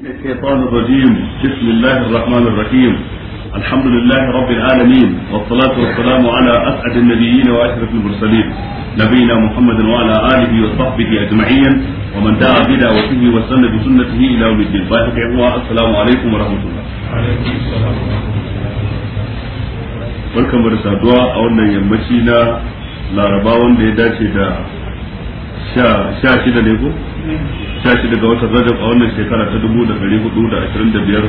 من الشيطان الرجيم بسم الله الرحمن الرحيم الحمد لله رب العالمين والصلاة والسلام على أسعد النبيين وأشرف المرسلين نبينا محمد وعلى آله وصحبه أجمعين ومن دعا بدعوته وسن بسنته إلى يوم الدين السلام عليكم ورحمة الله وعليكم السلام ورحمة الله barkan da saduwa a wannan yammaci na laraba wanda ya dace da sha shida ne ko sha shida ga watan rajab a wannan shekara ta dubu da ɗari hudu da ashirin da biyar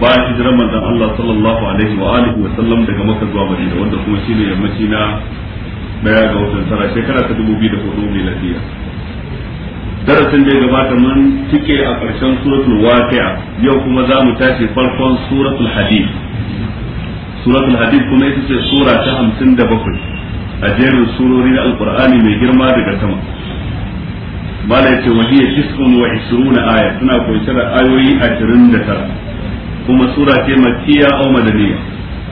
bayan hijirar manzon Allah sallallahu alaihi wa alihi wa sallam daga zuwa Madina wanda kuma yammaci na daya ga watan tara shekara ta dubu biyu da hudu darasin da ya gabata mun tike a ƙarshen suratul waqi'a yau kuma za mu tashi farkon suratul hadid suratul hadid kuma ita ce sura ta hamsin da bakwai a jerin surori na alkur'ani mai girma daga sama mala yace wa hiya tis'un wa isruna aya suna kunshe da ayoyi 29 kuma sura ce makkiya aw madaniya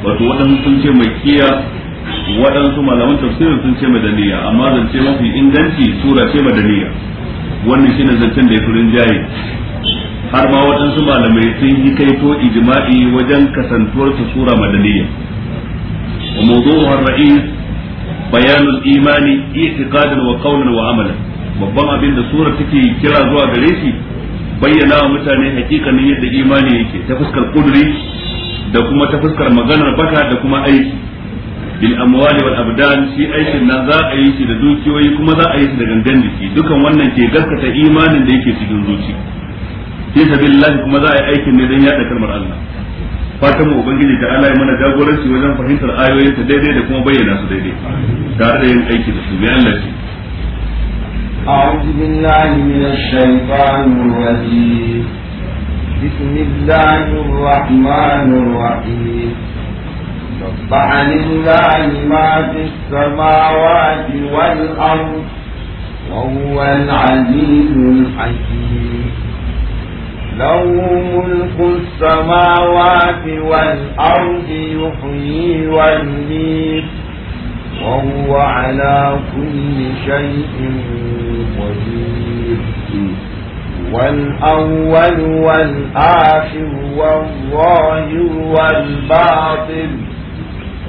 wato wadansu sun ce makkiya wadansu malaman tafsirin sun ce madaniya amma zan ce mafi inganci sura ce madaniya wannan shine zancen da ya furin jaye har ma waɗansu malamai sun yi kaito ijma'i wajen kasantuwar ta sura madaniya wa mawdu'uha ar-ra'is bayanul imani i'tiqadan wa qawlan wa amalan babban abin da surar take kira zuwa gare shi bayyana wa mutane hakikanin yadda imani yake ta fuskar kuduri da kuma ta fuskar maganar baka da kuma aiki bil amwali wal abdan shi aikin nan za a yi shi da dukiyoyi kuma za a yi shi da gangan jiki dukan wannan ke gaskata imanin da yake cikin zuci fi sabilillahi kuma za a yi aikin ne dan yada kalmar Allah fatan mu ubangiji ta Allah ya mana jagoranci wajen fahimtar ayoyin daidai da kuma bayyana su daidai tare da yin aiki da su bi Allah أعوذ بالله من الشيطان الرجيم بسم الله الرحمن الرحيم سبح لله ما في السماوات والأرض وهو العزيز الحكيم له ملك السماوات والأرض يحيي ويميت وهو على كل شيء قدير والأول والآخر والظاهر والباطن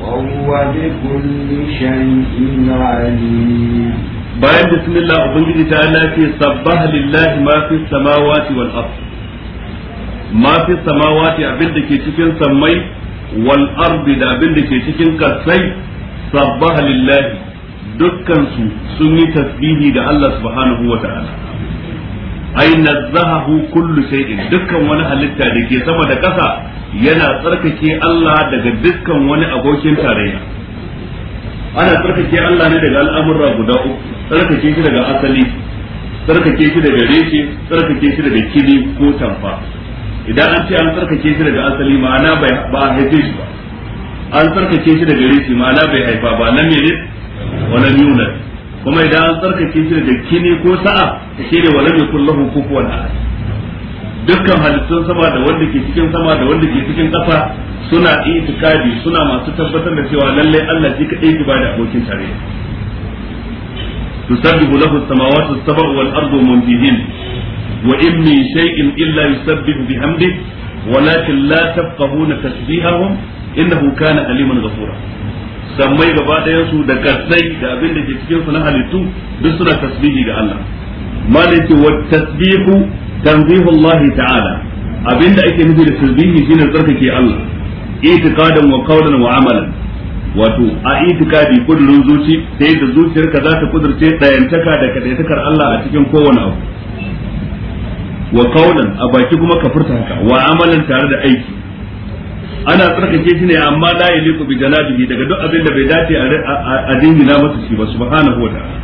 وهو بكل شيء عليم bayan bismillah ubangiji ta ala ce sabbaha lillahi ma fi samawati wal ard ma fi samawati abinda ke cikin sammai wal ard da abinda ke cikin kasai sabbaha lillahi dukkan su sun yi tasbihi da Allah subhanahu wa ta'ala ai nazzahahu kullu shay'in dukkan wani halitta da ke sama da ƙasa yana tsarkake Allah daga dukkan wani abokin tarayya ana tsarkake Allah ne daga al'amurra guda uku tsarkake shi daga asali tsarkake shi daga reshe tsarkake shi daga kili ko tamfa idan an ce an tsarkake shi daga asali ma'ana ba a haife shi ba an tsarkake shi daga rishi ma'ana bai haifa ba lam yalid wa lam yulad kuma idan an tsarkake shi daga kini ko sa'a shi ne wa lam yakul lahu kufuwan ahad dukkan halittun sama da wanda ke cikin sama da wanda ke cikin ƙasa suna itikadi suna masu tabbatar da cewa lalle Allah shi kadai ki bada abokin tarayya تسبح له السماوات السبع والأرض ومن فيهن وإن من شيء إلا يسبح بحمده ولكن لا تفقهون تسبيحهم innahu kana aliman ghafura sammai gaba ɗayan su da kasai da abin da ke cikin su na halittu duk suna tasbihi ga Allah malai ce wa tasbihu tanzihu Allah ta'ala abin da ake nufi da tasbihi shine tsarkake Allah itiqadan wa qawlan wa amalan wato a itikadi kudurin zuci sai da zuciyarka za ta kudurce dayantaka da kadaitakar Allah a cikin kowane abu wa qawlan a baki kuma ka furta haka wa amalan tare da aiki ana tsarkake shi ne amma la yaliku bi jalabihi daga duk abin da bai dace a dingina masa shi ba subhanahu wa ta'ala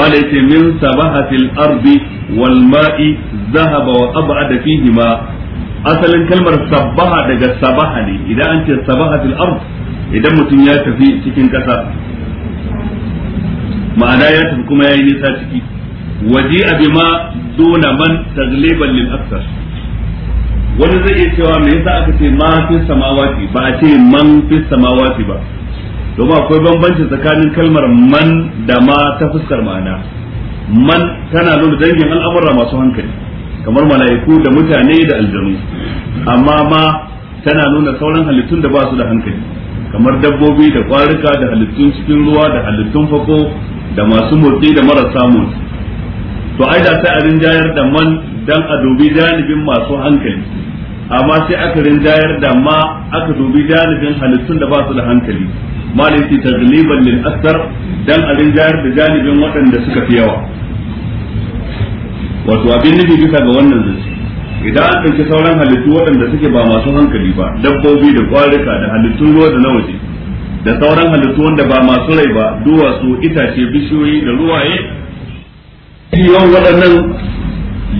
mala yace min sabahatil ardi wal ma'i zahaba wa ab'ada fihi ma asalin kalmar sabaha daga sabaha ne idan an ce sabahatil ard idan mutum ya tafi cikin kasa ma'ana ya tafi kuma yayi nisa ciki waji abima duna man tagliban lil aktsar wani zai iya cewa me yasa aka ce ma fi samawati ba a ce man fi samawati ba domin akwai bambanci tsakanin kalmar man da ma ta fuskar ma'ana man tana nuna dangin al'amura masu hankali kamar mala'iku da mutane da aljanu amma ma tana nuna sauran halittun da ba su da hankali kamar dabbobi da kwarika da halittun cikin ruwa da halittun fako da masu motsi da marasa motsi to ai da sai a rinjayar da man dan a dubi janibin masu hankali amma sai aka rinjayar da ma aka dubi janibin halittun da ba su da hankali malin ce tagliban lil asar dan a rinjayar da janibin waɗanda suka fi yawa wato abin nufi bisa ga wannan zuci idan an ɗauki sauran halittu waɗanda suke ba masu hankali ba dabbobi da kwarika da halittun ruwa da na waje da sauran halittu wanda ba masu rai ba duwatsu itace bishiyoyi da ruwaye yawan waɗannan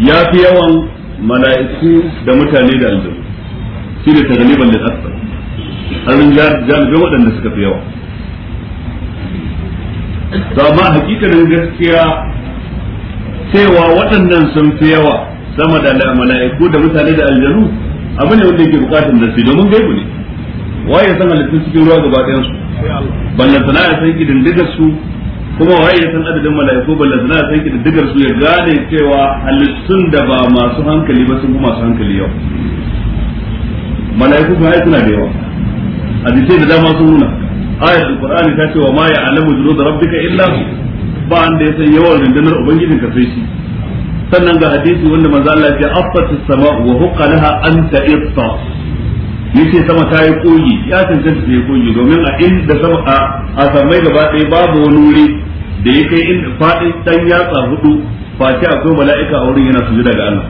ya fi yawan mala'iku da mutane da aljanu shi ne tagaliban da asfar arin jami'an waɗanda suka fi yawa to amma hakikanin gaskiya cewa waɗannan sun fi yawa sama da mala'iku da mutane da aljanu abu ne wanda yake bukatun da su domin gaibu ne waye san halittun cikin ruwa gaba ɗayan su ballan sana'a sai gidan su kuma waye ya san adadin mala'iku balla zana san ki digar su ya gane cewa halittun da ba masu hankali ba sun masu hankali yau mala'iku ba ai suna da yawa hadisi da dama sun nuna ayat alqur'ani ta ce wa ma ya'lamu junud rabbika illa hu ba an da ya san yawan rundunar ubangijin ka sai shi sannan ga hadisi wanda manzo Allah ya ce affatis sama'u wa huqqalaha anta itta yace sama ta yi koyi ya cancanta ta yi koyi domin a inda sama a a samai gaba ɗaya babu wani wuri da ya kai inda faɗin dan yatsa hudu face akwai mala'ika a wurin yana su daga Allah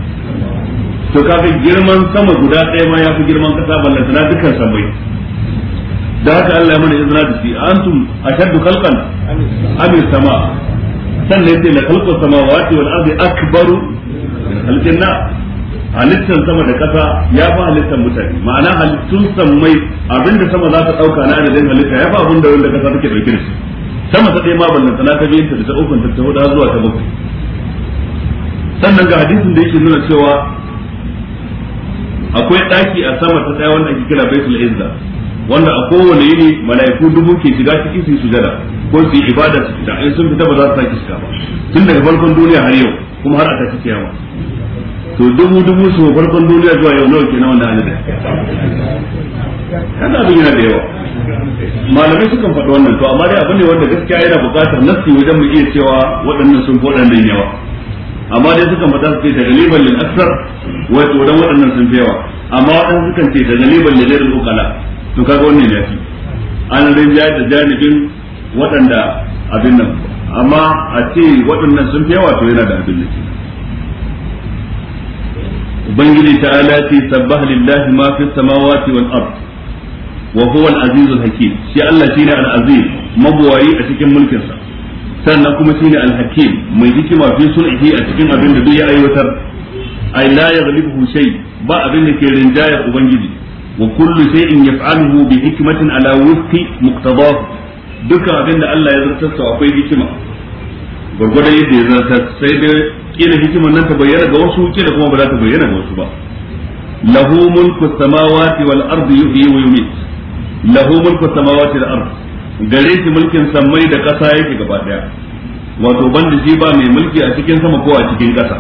to kaga girman sama guda ɗaya ma ya fi girman kasa ballantana dukkan samai da haka Allah ya mana izina da shi antum ashaddu khalqan am sama sannan yace la khalqu samawati wal ardi akbaru min khalqin halittar sama da kasa ya fi halittar mutane ma'ana halittun sammai abinda sama za ta ɗauka na adadin halitta ya fi abin da wanda kasa take ɗauke da shi sama ta ɗaya ma ballanta na ta biyanta da ta ukun ta har zuwa ta bakwai sannan ga hadisin da yake nuna cewa akwai ɗaki a sama ta ɗaya wanda ake kira baitul izza wanda a kowane yini mala'iku dubu ke shiga cikin su sujada ko su ibada da fita in sun fita ba za su sake shiga ba tun daga farkon duniya har yau kuma har a tafi kiyama to dubu dubu su farkon duniya zuwa yau nawa kenan wannan adadin da abin yana da yawa malamai sukan faɗi wannan to amma dai abin ne wanda gaskiya yana buƙatar nassi wajen mu iya cewa waɗannan sun fi waɗannan yawa amma dai sukan faɗa su ce daga liban lil aksar wato dan waɗannan sun fi yawa amma waɗannan sukan ce da liban lil ghairil uqala to kaga wannan ya fi an rinjaye da janibin waɗanda abin nan amma a ce waɗannan sun fi yawa to yana da abin da ubangiji ta ce sabbaha lillahi ma fi samawati wal ard wa huwa al aziz al hakim shi Allah shine al aziz mabwayi a cikin mulkin sa sannan kuma shine al hakim mai hikima fi sulhi a cikin abin da duk ya aiwatar ay la yaghlibuhu shay ba abin da ke rinjayar ubangiji wa kullu shay'in yaf'aluhu bi hikmatin ala wifqi muqtadahu duka abin da Allah ya zartar akwai hikima gwargwadon yadda ya zartar sai dai kila hikimar nan ta bayyana ga wasu kila kuma ba za ta bayyana ga wasu ba lahu mulku samawati wal ardi yuhyi wa yumit lahu mulku samawati wal ardi gare shi mulkin sammai da ƙasa yake gaba daya wato banda shi ba mai mulki a cikin sama ko a cikin ƙasa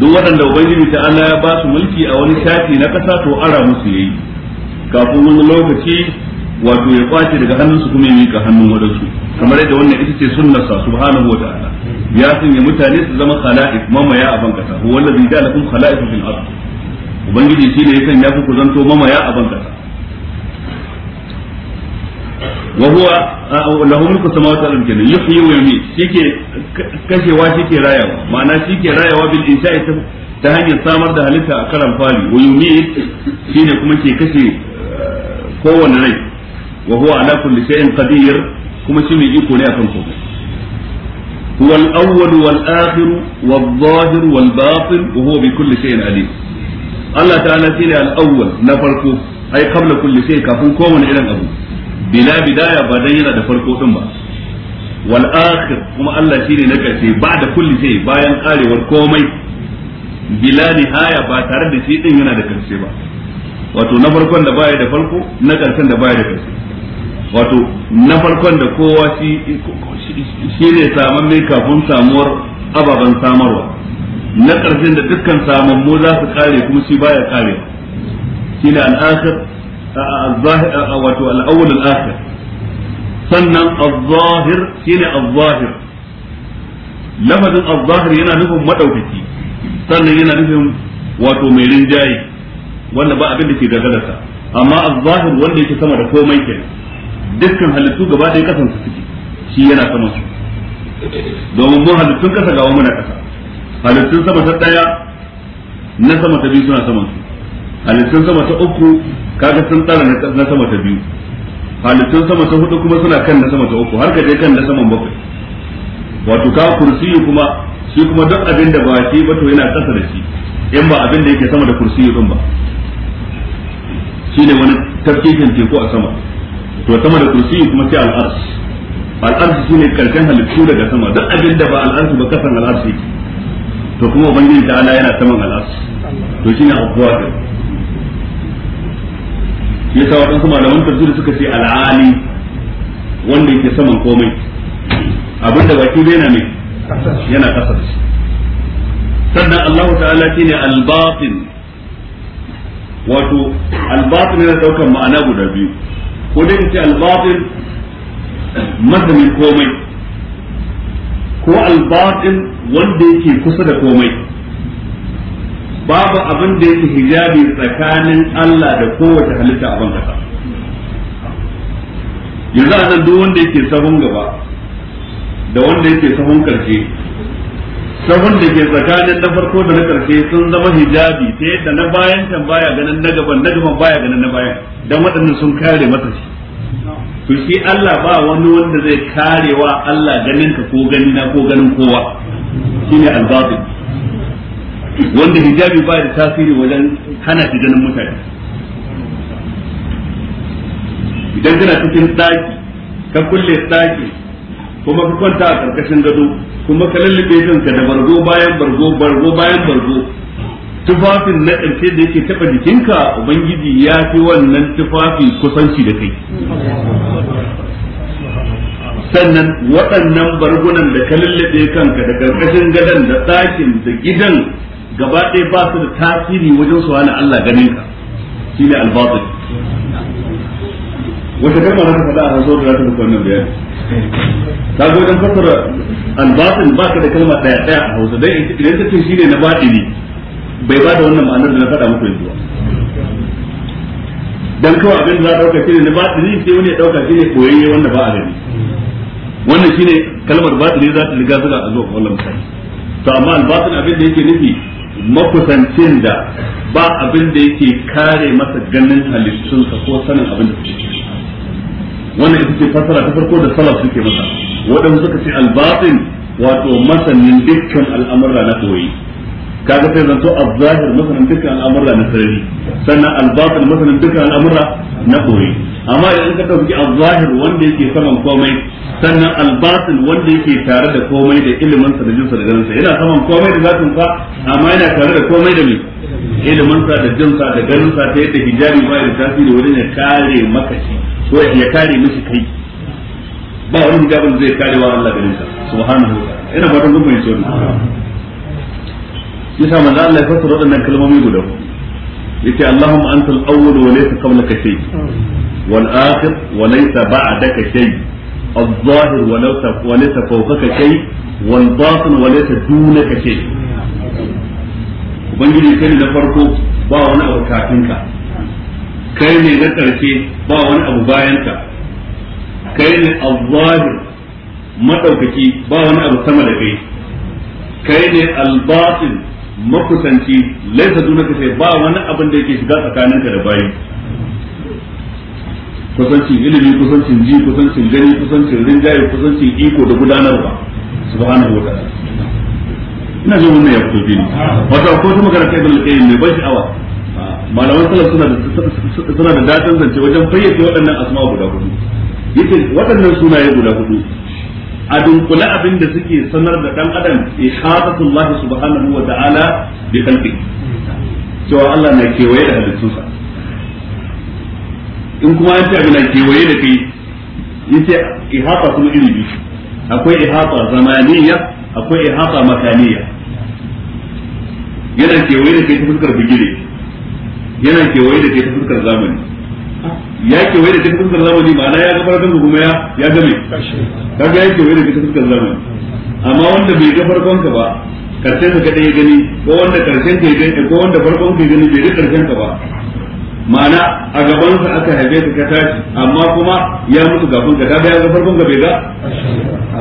duk waɗanda ubangiji ta Allah ya ba su mulki a wani shafi na ƙasa to ara musu yayi kafin wani lokaci wato ya kwace daga hannunsu kuma ya mika hannun wadansu kamar yadda wannan ita ce sunnarsa subhanahu wa ta'ala ya sanya mutane su zama khala'if mamaya a bankasa huwa allazi ja'alakum khala'ifa fil ard ubangiji shine ya sanya ku zanto mamaya a bankasa wa huwa lahu mulku samawati wal ardi yuhyi wa yumiit shike kashewa shike rayawa ma'ana shike rayawa bil insha'i ta hanyar samar da halitta a karan fali wa yumiit shine kuma ke kashe eh, kowanne rai wa huwa ala kulli shay'in qadir kuma shi mai iko ne akan komai huwa al-awwal wal akhir wal zahir Allah ta'ala shi ne al-awwal na farko ai qabla kulli kafin kowane irin abu bila ba dan yana da farko ba wal kuma Allah shi na karshe ba da kulli bayan karewar komai bila ba tare da shi din yana da karshe wato na farkon da kowa shi ne saman mai kafin samuwar ababen samarwa na ƙarshen da dukkan samammu za su kare kuma shi baya kare shi ne al'akhir wato al'awul al'akhir sannan al-zahir shi ne al-zahir lafazin al-zahir yana nufin maɗaukaki sannan yana nufin wato mai rinjaye wanda ba abin da ke gagararsa amma al-zahir wanda yake sama da komai kenan dukkan halittu gaba ɗaya ya su suke shi yana sama su domin mun halittun kasa gawa muna kasa halittun sama ta ɗaya na sama ta biyu suna sama su halittun sama ta uku kaga sun tsara na sama ta biyu halittun sama ta hudu kuma suna kan na sama ta uku har ka je kan na saman bakwai wato ka kursiyu kuma shi kuma duk abin da ba shi ba to yana kasa da shi in ba abin da yake sama da kursiyu din ba shine wani tafkikin teku a sama to sama da kursi kuma sai al'arsh al'arsh shine karshen halittu daga sama duk abin da ba al'arsh ba kasan al'arsh to kuma ubangiji ta ala yana saman al'arsh to shi shine abuwa yasa waɗansu malaman tafsir suka ce al'ali wanda yake saman komai abin da baki bai na mai yana ƙasa da shi sannan Allah ta'ala shi ne albatin wato albatin yana ɗaukar ma'ana guda biyu kudin ce albatin batil mazamin komai ko albatin wanda yake kusa da komai babu abin da yake hijabi tsakanin Allah da kowace halitta a bankasa yanzu a nan duk wanda yake sahun gaba da wanda yake sahun karshe sahun da ke tsakanin na farko da na karshe sun zama hijabi ta yadda na bayan can baya ganin na gaban na gaban baya ganin na bayan dan waɗannan sun kare masa shi to shi Allah ba wani wanda zai karewa Allah ganin ka ko gani na ko ganin kowa shine al-batil wanda hijabi ba da tasiri wajen hana shi ganin mutane idan kana cikin tsaki ka kulle tsaki kuma ka kwanta a karkashin gado kuma ka lallabe kanka da bargo bayan bargo bargo bayan bargo tufafin na ƙarshe da yake taɓa jikinka ubangiji ya fi wannan tufafin kusanci da kai sannan waɗannan bargunan da ka lullube kanka da ƙarƙashin gadon da ɗakin da gidan gaba ɗaya ba su da tasiri wajen su hana Allah ganin ka shi ne albatul wata kai za ta faɗa a hanzo da za ta muku wannan bayani ta ga wajen fassara albatul ba ka da kalma ɗaya ɗaya a hausa dai idan ta ce shi ne na baɗi ne bai ba da wannan ma'anar da na faɗa muku yanzu dan kawai abin da za a ɗauka shine na batini sai wani ya ɗauka shine koyayye wanda ba a gani wannan shine kalmar batini za ta riga zuwa a zuwa kwallon misali to amma albatin abin da yake nufi makusancin da ba abin da yake kare masa ganin halittunsa ko sanin abin da suke wannan ita ce fasara ta farko da salaf suke masa waɗanda suka ce albatin wato masanin dukkan al'amura na koyi kaga sai zanto az-zahir masalan dukkan al'amura na sarari sannan al-batin masalan dukkan al'amura na koyi amma idan ka dauki az-zahir wanda yake saman komai sannan al-batin wanda yake tare da komai da ilimin sa da jinsa da ganinsa yana saman komai da zatin sa amma yana tare da komai da me ilimin sa da jinsa da ganinsa ta yadda hijabi ba ya tasiri wajen ya kare maka shi ko ya kare mishi kai ba wani hijabin zai wa Allah ganinsa subhanahu wa ta'ala ina fatan kun fahimci wannan yasa manzo Allah ya fassara waɗannan kalmomi guda yace Allahumma antal awwal wa laysa qablaka shay wal akhir wa laysa ba'daka shay الظاهر وليس وليس فوقك شيء والباطن وليس دونك شيء ubangiji kai na farko ba wani abu kafin ka kai na ƙarshe ba wani abu bayan ka kai ne al-zahir madaukaki ba wani abu sama da kai kai makusanci laisa dunaka sai ba wani abin da yake shiga tsakaninka da bayi kusancin ilimi kusancin ji kusancin gani kusancin rinjaye kusancin iko da gudanarwa subhanahu wa ta'ala ina ji wannan ya fito fili wato ko kuma magana kai da kai mai ban sha'awa malaman salaf suna da suna da zance wajen fayyace waɗannan asma'u guda hudu yace waɗannan sunaye guda hudu a dunkula abin da suke sanar da dan adam ya ihadatullah subhanahu wa ta'ala bi khalqi cewa Allah na kewaye da halittunsa in kuma ya ce abin na kewaye da kai ya yace ihata kuma iri biyu akwai ihata zamaniyya akwai ihata makaniyya yana kewaye da kai ta fuskar bigire yana kewaye da kai ta fuskar zamani ya ke wai da duk fuskar zamani ma'ana ya ga farkon kuma ya ya ga kaga ya ke wai da duk fuskar zamani amma wanda bai ga farkon ba karshen ka kadai gani ko wanda karshen ka ya gani ko wanda farkon ka gani bai rika karshen ka ba ma'ana a gabansa aka haife ka tashi amma kuma ya mutu gaban ka kaga ya ga farkon bai ga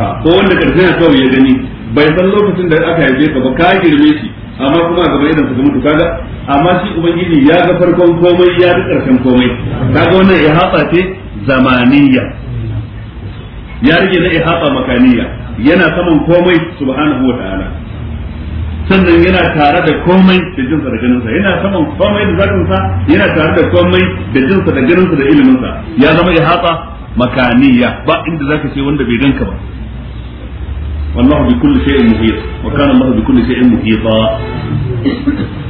ah, ko wanda karshen ka kawai ya gani bai san lokacin da aka haife ka ba ka girme shi amma kuma a gaba su mutu kaga amma shi ubangiji ya ga farkon komai ya ga karshen komai kaga wannan ihata ce zamaniya ya rige da ihata makaniya yana saman komai subhanahu wataala sannan yana tare da komai da jinsa da ganinsa yana saman komai da zatinsa yana tare da komai da jinsa da ganinsa da iliminsa ya zama ihata makaniya ba inda zaka ce wanda bai danka ba والله بكل شيء محيط وكان الله بكل شيء محيطا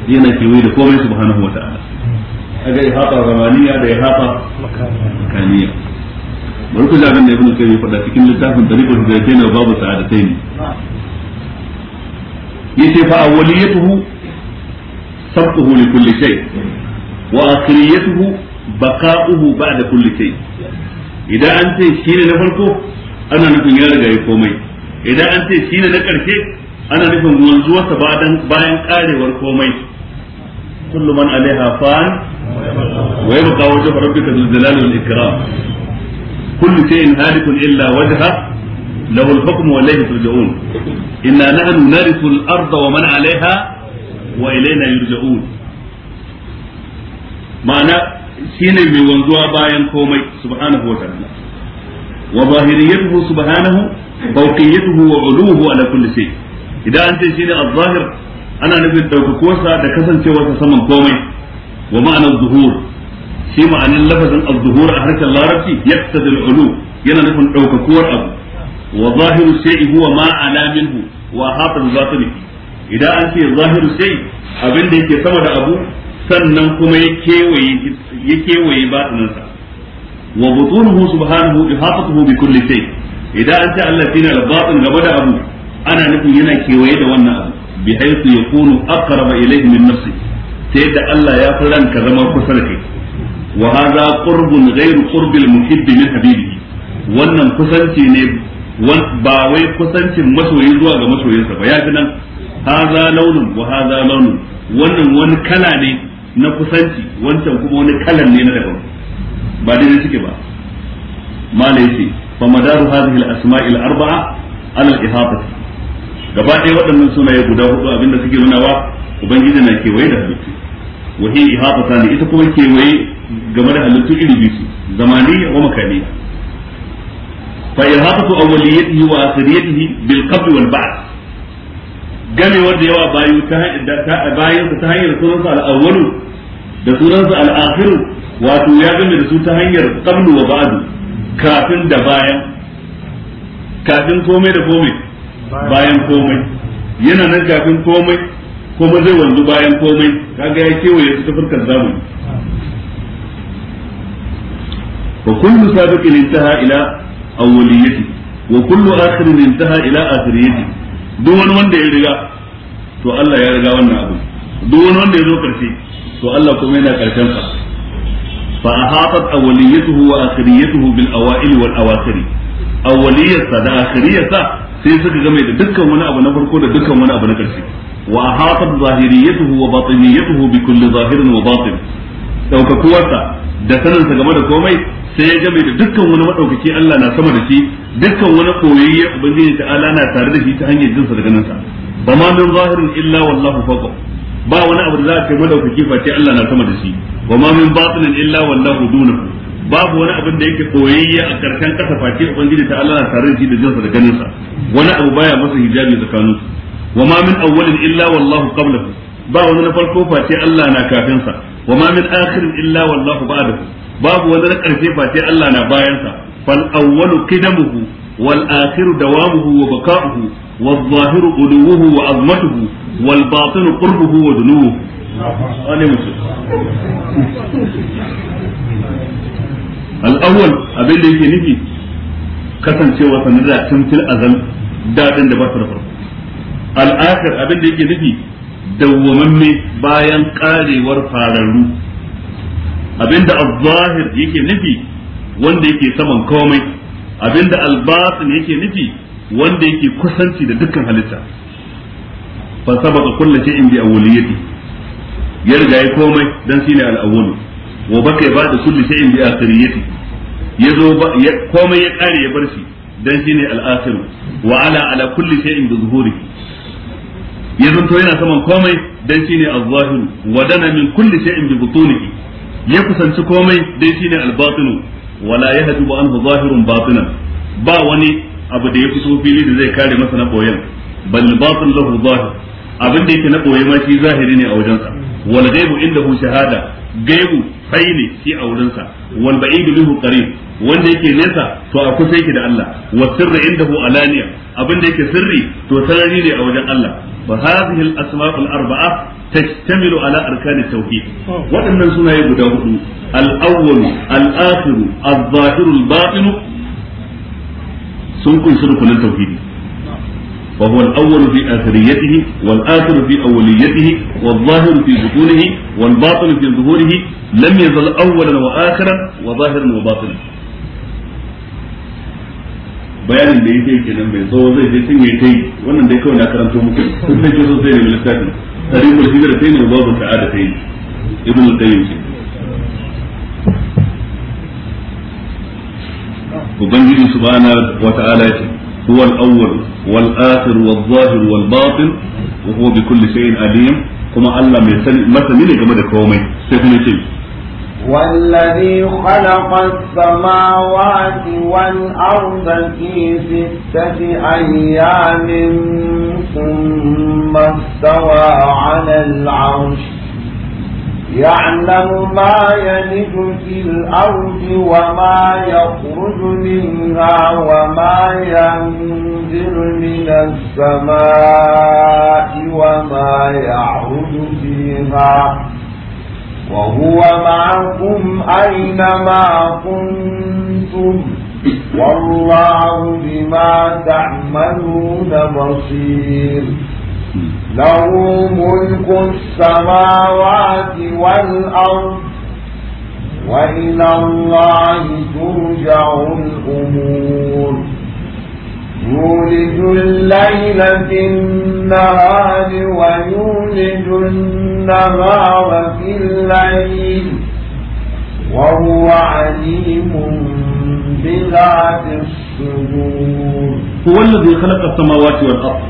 دينا في ويد قومي سبحانه وتعالى هذا إحاطة رمانية هذا إحاطة مكانية ولكن عبنا ابن الكريم فقد أتكلم لتاف من طريق الهدايتين وباب السعادتين يتي فأوليته سبقه لكل شيء وآخريته بقاؤه بعد كل شيء إذا أنت شيء لفرقه أنا نكون يارجع يقومين idan an ce shine na karshe ana nufin wanzuwarsa bayan karewar komai kullu man alaiha fan wa yabqa wajhu rabbika dhul jalali wani ikira kullu ce in halikun illa wajen ha wa laifin turja'un ina na hannu na واليه ترجعون wa نحن alai ha wa ilai na yurja'un ma'ana shi ne mai wanzuwa bayan komai subhanahu wa ta'ala wa zahiriyyatuhu subhanahu fawqiyatuhu wa uluhu ala kulli shay idan an ce shine az-zahir ana nufin daukakosa da kasancewarsa saman komai wa ma'ana zuhur shi ma'anin lafazin az-zuhur a harkar larabci yaqtadi al-ulu yana nufin daukakuwar abu wa zahiru shay'i huwa ma ala minhu wa hafiz batini idan an ce zahiru sai abinda yake sama da abu sannan kuma ya kewaye ya kewaye batininsa wa butunuhu subhanahu ihafatuhu bi kulli shay' idan an ce Allah shine al-batin gaba da abu ana nufin yana kewaye da wannan abu bi haythu yakunu aqraba ilayhi min nafsi ta Allah ya fi ranka zama kusa da kai wa hadha qurbun ghayru min habibihi wannan kusanci ne ba wai kusancin masoyi zuwa ga masoyinsa ba ya fi nan haza launin wa haza launin wannan wani kala ne na kusanci wancan kuma wani kalan ne na daban ba dai suke ba فمدار هذه الأسماء الأربعة على الإحاطة gaba ɗaya waɗannan sunaye guda hudu abinda suke nunawa ubangiji na kewaye da halittu wahi ihafata ne ita kuma kewaye game da halittu iri biyu zamani wa makani fa ihafatu awwaliyatihi wa akhiriyatihi bil qabl wal ba'd gamewar da yawa bayu ta bayan ta hanyar sunansa al awwalu da sunansa al akhiru wato ya game da su ta hanyar qabl wa ba'd kafin da bayan kafin komai da komai bayan komai yana nan kafin komai kuma zai wanzu bayan komai kaga ya kewaye su ta zamani wa kullu sabiqin intaha ila awwaliyati wa kullu akhirin intaha ila akhiriyati duk wani wanda ya riga to Allah ya riga wannan abu duk wani wanda ya zo karshe to Allah kuma yana karshen sa fa ahatat awliyatuhu wa akhiriyatuhu bil awail wal awakhir awliyarsa da akhiriyarsa sai suka game da dukkan wani abu na farko da dukkan wani abu na karshe wa ahatat zahiriyatuhu wa batiniyatuhu bi kulli zahirin wa batin daukakuwarsa da saninsa game da komai sai ya game da dukkan wani madaukaki Allah na sama da shi dukkan wani na tare da shi ta hanyar jinsa ba ma min zahirin illa wallahu ba wani abu da za a ce madaukaki face Allah na sama da shi wa ma min batilin illa wallahu babu wani abin da yake koyayye a karshen kasa face ubangiji ta Allah tare shi da jinsa da ganin sa wani abu baya masa hijabi tsakanin su wa ma min awwalin illa wallahu qablahu ba wani na farko face Allah na kafin sa wa ma min akhirin illa wallahu ba'dahu babu wani na karshe face Allah na bayan sa fal awwalu kidamuhu wal akhiru dawamuhu wa baka'uhu wal zahiru uluwuhu wa azmatuhu wal batinu qurbuhu wa dunuwuhu wane mutum al'awwal abin da yake nufi kasancewa sanar da tun azal daɗin da ba su da farko Al'akar abin da yake nufi dawwamamme bayan karewar fararru da al-zahir yake nufi wanda yake saman komai abinda da batin yake nufi wanda yake kusanci da dukkan halitta fa sabaka kullu shay'in bi awwaliyati ya riga ya komai dan shi ne awwal wa baka ba da kulli shay'in bi akhiriyati zo komai ya kare ya bar shi dan shi ne al'asiru wa ala ala kulli shay'in bi zuhuri yanzu to yana saman komai dan ne al zahiru wa dana min kulli shay'in bi butunihi ya kusanci komai dan ne al-batin wala yahdubu anhu zahirun batinan ba wani abu da ya fito fili da zai kare masa na boyen bal batin lahu zahir abin da yake na boye ma shi zahiri ne a wajensa wal ghaibu indahu shahada gaibu sai ne a wurinsa. sa wal ba'idu minhu qarib wanda yake nesa to a kusa yake da Allah wa sirri indahu alaniya abinda yake sirri to sarari ne a wajen Allah fa hadhihi al asma' al arba'a تشتمل على أركان التوحيد وأن سنة يبدأ الأول الآخر الظاهر الباطن سنكون سنكون التوحيد فهو الأول في آخريته والآخر في أوليته والظاهر في بطونه والباطن في ظهوره لم يزل أولا وآخرا وظاهرا وباطنا bayanin da yake kenan mai tsawo zai je sun yi tai wannan dai kawai na karanto muke. sun sai jizo zai ne littafin tarihul hijra tai ne babu ta'ada tai ibnu qayyim ubangiji subhanahu wa ta'ala ya هو الأول والآخر والظاهر والباطن وهو بكل شيء عليم كما الله مثلا كما دكومي سيكون شيء والذي خلق السماوات والأرض في ستة أيام ثم استوى على العرش يعلم ما يلد في الأرض وما يخرج منها وما ينزل من السماء وما يعرج فيها وهو معكم أينما كنتم والله بما تعملون بصير له ملك السماوات والأرض وإلى الله ترجع الأمور يولد الليل في النهار ويولد النهار في الليل وهو عليم بذات الصدور هو الذي خلق السماوات والأرض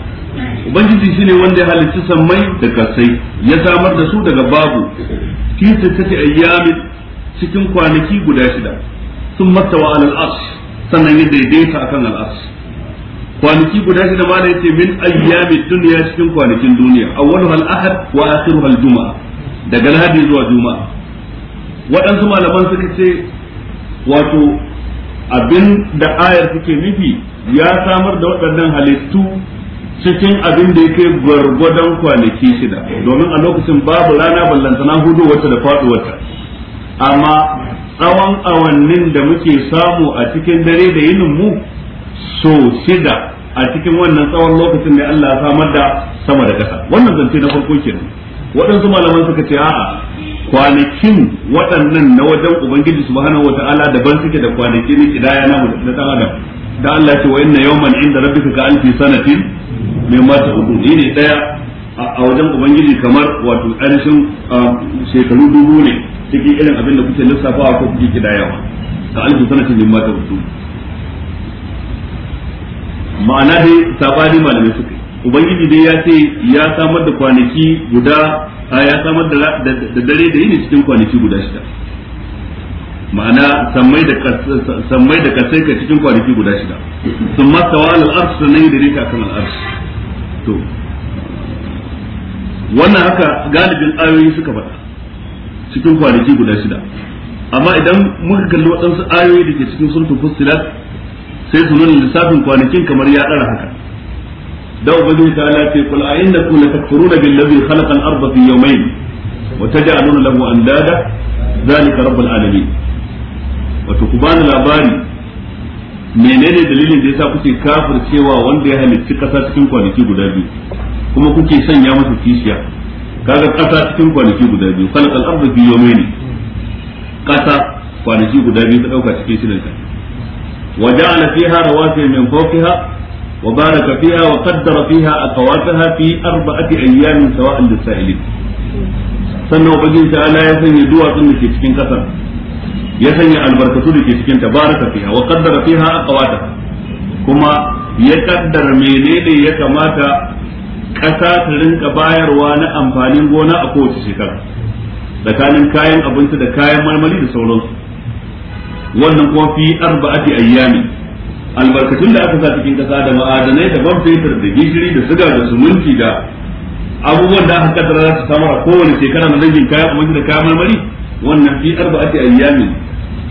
ubangiji shine wanda ya halicci sammai da kasai ya samar da su daga babu fi sittati ayyamin cikin kwanaki guda shida sun mastawa alal as. sannan ya daidaita akan al as kwanaki guda shida ma da yace min ayyami dunya cikin kwanakin duniya awwalu al ahad wa akhiru al juma'a daga lahadi zuwa juma'a waɗansu malaman suka ce wato abin da ayar suke nufi ya samar da waɗannan halittu cikin abin da yake gwargwadon kwanaki shida domin a lokacin babu rana ballantana hudu wata da wata amma tsawon awannin da muke samu a cikin dare da yinin mu so shida a cikin wannan tsawon lokacin da Allah ya samar da sama da kasa wannan zance na farko kenan waɗansu malaman suka ce a'a kwanakin waɗannan na wajen ubangiji subhanahu wataala daban suke da kwanaki ne kidaya na dan adam da Allah ya ce wa inna yawman inda rabbika ka alfi sanatin mimma ta hudu ne daya a wajen ubangiji kamar wato ƙarshen shekaru dubu ne cikin irin abin da kuke lissafawa ko kuke yawa ta alifu ce mai ta hudu ma'ana dai sabani malamai suka ubangiji dai ya ce ya samar da kwanaki guda ya samar da dare da yini cikin kwanaki guda shida ma'ana sammai da kasai ka cikin kwanaki guda shida sun wa al'arsu na yi da rika kan al'arsu to wannan haka galibin ayoyi suka faɗa cikin kwanaki guda shida amma idan muka kalli waɗansu ayoyi da ke cikin surtun fussilat sai su nuna lissafin kwanakin kamar ya ɗara haka da ubangiji ta ala ce kul a inna kun takfuruna billazi khalaqa al-ardha fi yawmayn wa taj'aluna lahu andada zalika rabbul alamin wato ku bani labari menene dalilin da yasa kuke kafir cewa wanda ya halitta kasa cikin kwanaki guda biyu kuma kuke sanya masa kishiya kaga kasa cikin kwanaki guda biyu khalaqal ardi fi yawmayn kasa kwanaki guda biyu ta dauka cikin shirin ta wa ja'ala fiha rawasiya min fawqiha wa baraka fiha wa qaddara fiha aqwataha fi arba'ati ayyamin sawa'an lis-sa'ilin sannan ubangiji ta ala ya sanya duwatsun da ke cikin kasar ya sanya albarkatu da ke cikin tabaraka fiha wa qaddara fiha aqwata kuma ya kaddara menene ya kamata kasa ta rinka bayarwa na amfanin gona a kowace shekara tsakanin kayan abinci da kayan marmari da sauransu wannan kuma fi arba'ati ayyami albarkatun da aka sa cikin kasa da ma'adanai da bamfetar da gishiri da suga da sumunci da abubuwan da aka kaddara za su samar a kowane shekara na dangin kayan abinci da kayan marmari wannan fi arba'ati ayyamin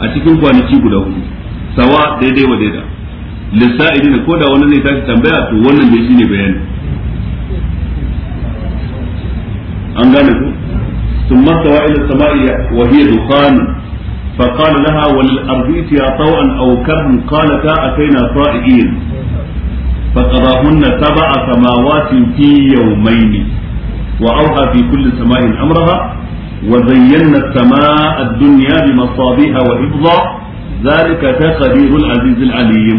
a cikin kwanaki guda hudu sawa daidai wa daida lissa'ili ne ko da wannan ne tashi tambaya to wannan ne shine bayani an gane ku ثم استوى إلى السماء وهي دخان فقال لها والأرض ائتيا طوعا أو وزينا السماء الدنيا بمصابيح وحفظا ذلك تقدير العزيز العليم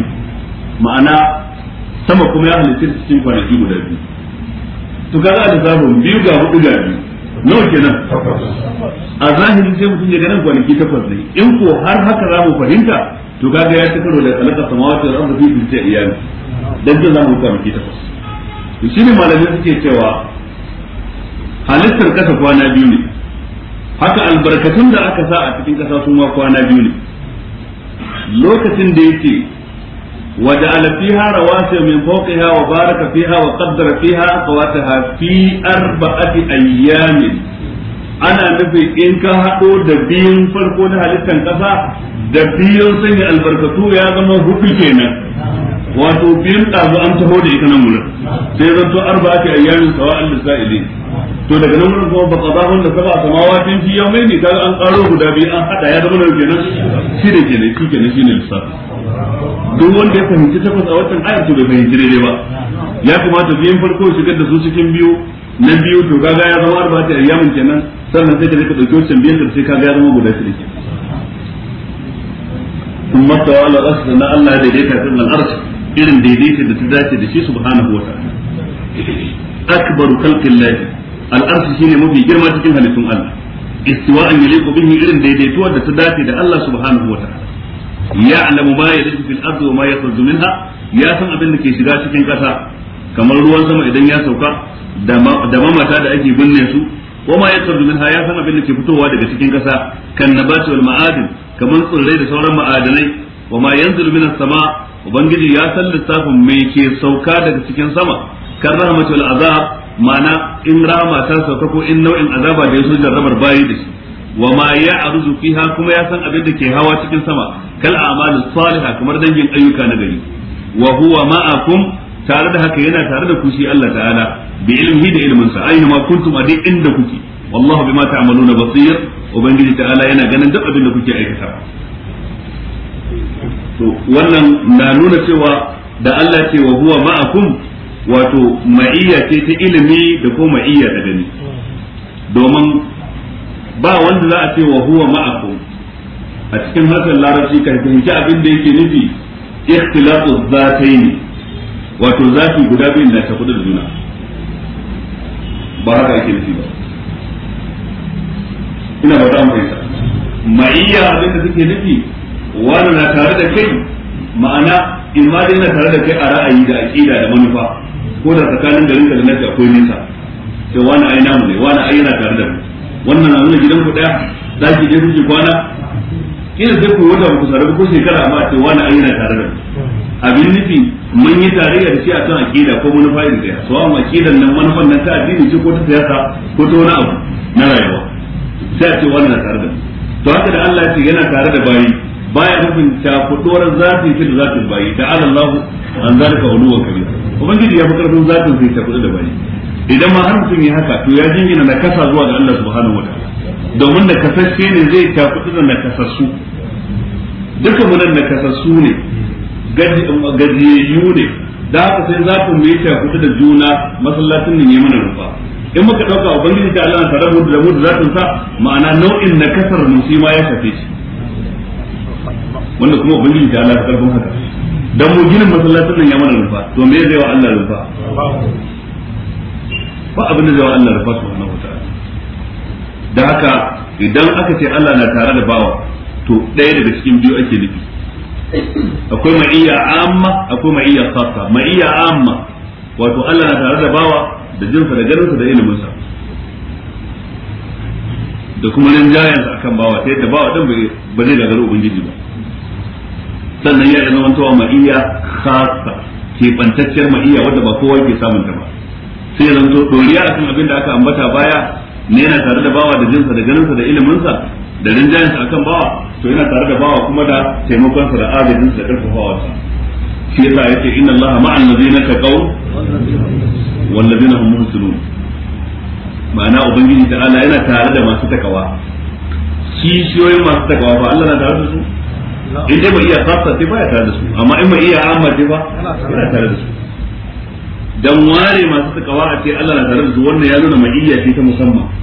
ma'ana sama kuma ya halitta su cikin kwanaki guda biyu to kaga da sabon biyu ga hudu biyu nawa kenan a zahiri sai mutum ya ganin kwanaki takwas ne in ko har haka za mu fahimta to kaga ya takaro da kalaka samawati da ardi fi tilka iyali dan jin zamu kwanaki takwas to shine malamai suke cewa halittar kasa kwana biyu ne haka albarkatun da aka sa a cikin ƙasa sun ma kwana biyu ne lokacin da yake wada ala fiha rawasiya min fawqiha wa baraka fiha wa qaddara fiha aqwataha fi arba'ati ayyamin ana nufin in ka haɗo da biyun farko na halittar ƙasa da biyun sanya albarkatu ya zama hudu kenan wato biyun ɗazu an taho da ita nan wurin sai to arba ake a yarin sawa an lissa'ili to daga nan wurin kuma baka zahun da saba a samawa tun shi yau mai ne ta an ƙaro guda biyu an haɗa ya zama nan kenan shi da kenan shi kenan shi ne lissa duk wanda ya fahimci takwas a watan ayar to bai fahimci daidai ba ya kamata biyun farko shigar da su cikin biyu na biyu to kaga ya zama arba ta ayyamin kenan sannan sai ka rika dauki wancan biyan karshe kaga ya zama guda shida kenan kuma tawala rasu na Allah daidaita kan al'arshi irin daidaita da ta dace da shi subhanahu wa ta'ala akbaru khalqin lahi al'arshi shine mafi girma cikin halittun Allah istiwa'an yaliqu bihi irin daidaituwar da ta dace da Allah subhanahu wa ta'ala ya'lamu ma yaliqu fil ardi wa ma yakhruju minha ya san abin da ke shiga cikin kasa kamar ruwan sama idan ya sauka da mamata da ake binne su ko ma yakhruju ha ya san abin da ke fitowa daga cikin kasa kan nabati wal ma'adin kamar tsirrai da sauran ma'adanai wa ma yanzilu minas sama ubangiji ya san lissafin me ke sauka daga cikin sama kan rahmatul azab mana in rama ta sauka ko in nau'in azaba da ya jarrabar bayi da shi wa ma ya'ruzu fiha kuma ya san abin da ke hawa cikin sama kal a'malu salihah kamar dangin ayyuka na gari wa huwa ma'akum tare da haka yana tare da kushi Allah ta'ala bi ilimi da ilmin sa aina ma kuntum a duk inda kuke wallahu bima ba basir ubangiji ta'ala yana ganin duk abin da kuke aikata wannan na nuna cewa da Allah ce wa huwa ma'akum wato ma'iyya ce ta ilimi da ko ma'iyya da gani domin ba wanda za a ce wa huwa ma'akum a cikin harshen larabci kan fahimci abin da yake nufi ikhtilafu ne. wato zafi guda biyun da ta kudu da juna ba haka ake nufi ba ina ba ta amfaita ma'iyya abin da suke nufi wani na tare da kai ma'ana in ma dai na tare da kai a ra'ayi da aƙida da manufa ko da tsakanin garin da na akwai nisa sai wani ai namu ne wani ai yana tare da mu wannan na nuna gidan ku daya zaki je kuke kwana kina sai ku wata ku sarrafa ko shekara amma sai wani ai yana tare da mu abin nufi mun yi tarayya da shi a kan akida ko manufa irin daya amma akidan nan manufan nan ta addini ce ko ta siyasa ko ta wani abu na rayuwa sai a ce wannan na tare da to haka da Allah ce yana tare da bayi baya nufin cakuɗuwar zafi shi da zafi bayi da Allah an zalika uluwan kabira ubangiji ya fi karfin zafin sai cakuɗu da bayi idan ma har mutum ya haka to ya jingina na kasa zuwa ga Allah subhanahu wataala domin na kasashe ne zai cakuɗu da na kasassu duka mu nan na kasassu ne gajiyayyu ne da haka sai za ku mai shakuta da juna masallacin nan ya mana rufa in muka dauka ubangiji ta Allah ta rabu da mu da zatin sa ma'ana nau'in na kasar mu shi ya shafe shi wanda kuma ubangiji ta Allah ta karfin haka dan mu ginin masallacin nan ya mana rufa to me zai wa Allah rufa ba abin da zai wa Allah rufa subhanahu wataala da haka idan aka ce Allah na tare da bawa to ɗaya daga cikin biyu ake nufi akwai ma'iyya amma akwai ma'iyya khassa ma'iyya amma wato Allah na tare da bawa da jinsa da ganinsa da sa da kuma sa akan bawa ta yadda bawa din ba zai gagaru ubangiji ba sannan ya zama wantowa ma'iyya khassa keɓantacciyar ma'iyya wadda ba kowa ke ta ba sai ya to doriya akan abin da aka ambata baya ne yana tare da bawa da jinsa da ganinsa da sa da rinjayen sa akan bawa to yana tare da bawa kuma da taimakon sa da agajin sa da karfafawa sa shi yasa yace inna allaha ma'al ladina taqaw wal ladina hum muhsinun ma'ana ubangiji ta'ala yana tare da masu takawa kishiyoyin masu takawa ba Allah na tare da su in dai mai iya khassa sai ba tare da su amma in mai iya amma sai ba yana tare da su dan ware masu takawa a ce Allah na tare da su wannan ya nuna mai iya ce ta musamman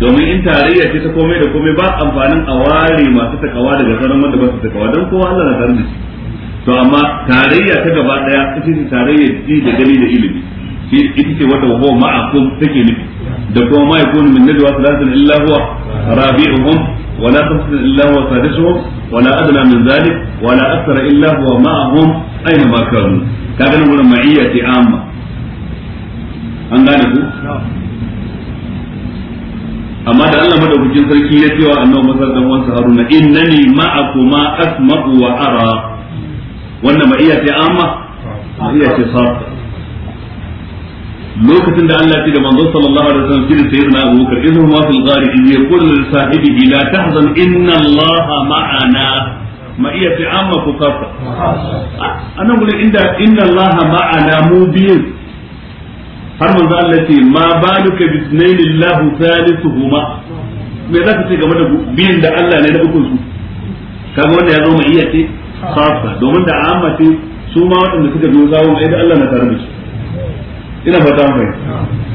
domin in tarayya ce ta komai da komai ba amfanin a ware masu takawa daga sanarwar da ba su takawa don kowa Allah na tare da shi to amma tarayya ta gaba daya ita ce tarayya ji da gani da ilimi ita ce wata wa ma'akum take nufi da kuma ma yakunu min najwa thalathan illa huwa rabi'uhum wa la khamsatan illa huwa sadisuhum wa la adna min dhalik wa la akthara illa huwa ma'ahum aina ma kanu kaga nan gurin ma'iyya ce amma an gane ku amma da Allah madaukakin sarki ya ce wa annabi Musa dan wansa Haruna innani ma'akuma asma'u wa ara wannan ma iya ce amma A iya ce sabta lokacin da Allah ya ce da manzo sallallahu alaihi wasallam shi da sayyidina Abu Bakar idhu ma fil ghari in yaqul li sahibihi la tahzan inna Allah ma'ana ma iya ce amma ko sabta anan gurin inda inna Allah ma'ana mu biyu har manzo Allah ce ma baluka bisnaini Allahu salisuhuma me za ka ce game da biyan da Allah ne na ukun su kaga wanda ya zo mai iya ce khassa domin da amma ce su ma waɗanda suka zawo mai da Allah na tare da su ina fata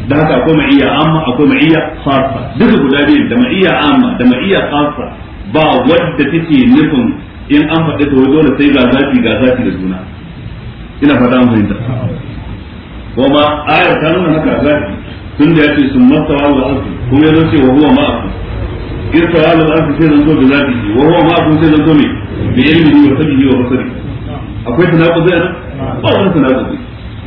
da haka akwai mai iya amma akwai mai iya guda biyan da mai iya amma da mai iya ba wadda take nufin in an faɗi ta dole sai ga zafi ga zafi da juna ina fata fahimta kuma ayar ta nuna haka zafi tun da ce sun mastawa wa ardi kuma yazo ce wa huwa ma'akum irtawa wa ardi sai zo da zatihi wa huwa ma'akum sai zo ne bi ilmihi wa sabbihi wa basari akwai tanaquzi a nan ba wani zai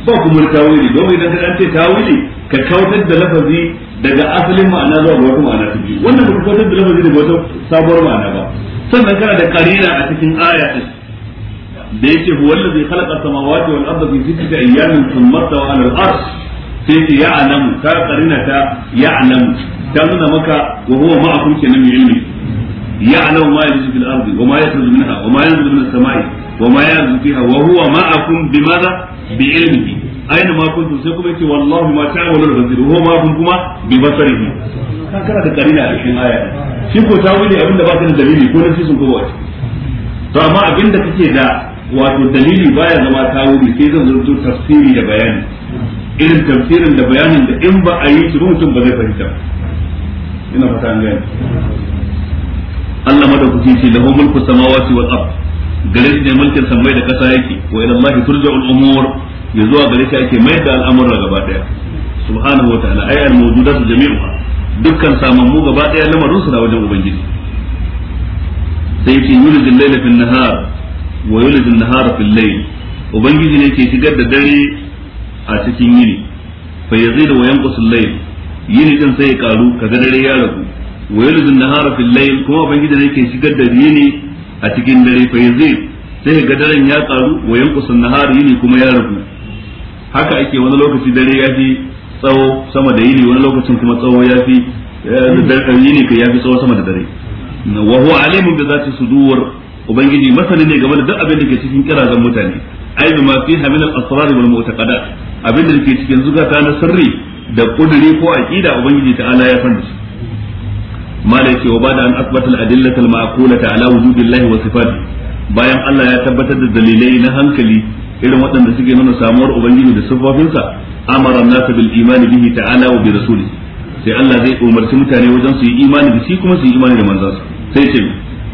ba kuma tawili domin idan dan ce tawili ka kautar da lafazi daga asalin ma'ana zuwa ga wata ma'ana ta biyu wannan ba ka kautar da lafazi daga wata sabuwar ma'ana ba sannan kana da karina a cikin aya da yake huwa allazi khalaqa samawati wal arda fi sittati ayyamin thumma stawa ala al arsh sai ce ya'lamu ta karina ta ya'lamu ta nuna maka wa huwa ma'akum kenan min ilmi ya'lamu ma yajidu fil ardi wa ma yakhruju minha wa ma yanzilu min as-sama'i wa ma yanzilu fiha wa huwa ma'akum bimadha bi ilmihi aina ma kuntum sai kuma yace wallahi ma ta'malu al-basir huwa ma'akum kuma bi basarihi ka kana da karina a cikin aya shi ko tawili abinda ba ka da dalili ko nasi sun ko wace to amma abinda kake da wato dalili baya zama tawuri sai zan zurto tafsiri da bayani irin tafsirin da bayanin da in ba a yi shi mutum ba zai fahimta ina fata an gani Allah madaukaki ce lahu mulku samawati wal ard gare shi ne mulkin samai da kasa yake wa ila Allah turja'ul umur ya zuwa gare shi ake mai da al'amura gaba daya subhanahu wa ta'ala ay al mawjudatu jami'uha dukkan samammu gaba daya lamarin su na wajen ubangiji sai yake yulijin laila fil nahar wa yulijin nahara fil layl shigar da dare a cikin yini fa yazidu wa yanqusu al yini din sai ya karu kaga dare ya ragu wa ke shigar da yini a cikin dare fa yazid sai ga daren ya karu wa yanqusu nahar yini kuma ya ragu haka ake wani lokaci dare ya fi tsawo sama da yini wani lokacin kuma tsawo ya fi eh, yini kai ya fi tsawo sama da dare wa huwa alimun bi zati sudur ubangiji masani ne game da duk abin da ke cikin kirazan mutane ai bima fiha min al-asrar wal mu'taqadat abin da ke cikin zukata na sirri da kuduri ko aqida ubangiji ta'ala ya san shi malai ce wa bada an asbata al-adillata al-ma'qulata ala wujudillahi wa sifatihi bayan Allah ya tabbatar da dalilai na hankali irin waɗanda suke nuna samuwar ubangiji da sifofinsa amara nasa bil imani bihi ta'ala wa bi rasuli sai Allah zai umarci mutane wajen su yi imani da shi kuma su yi imani da manzansa sai ce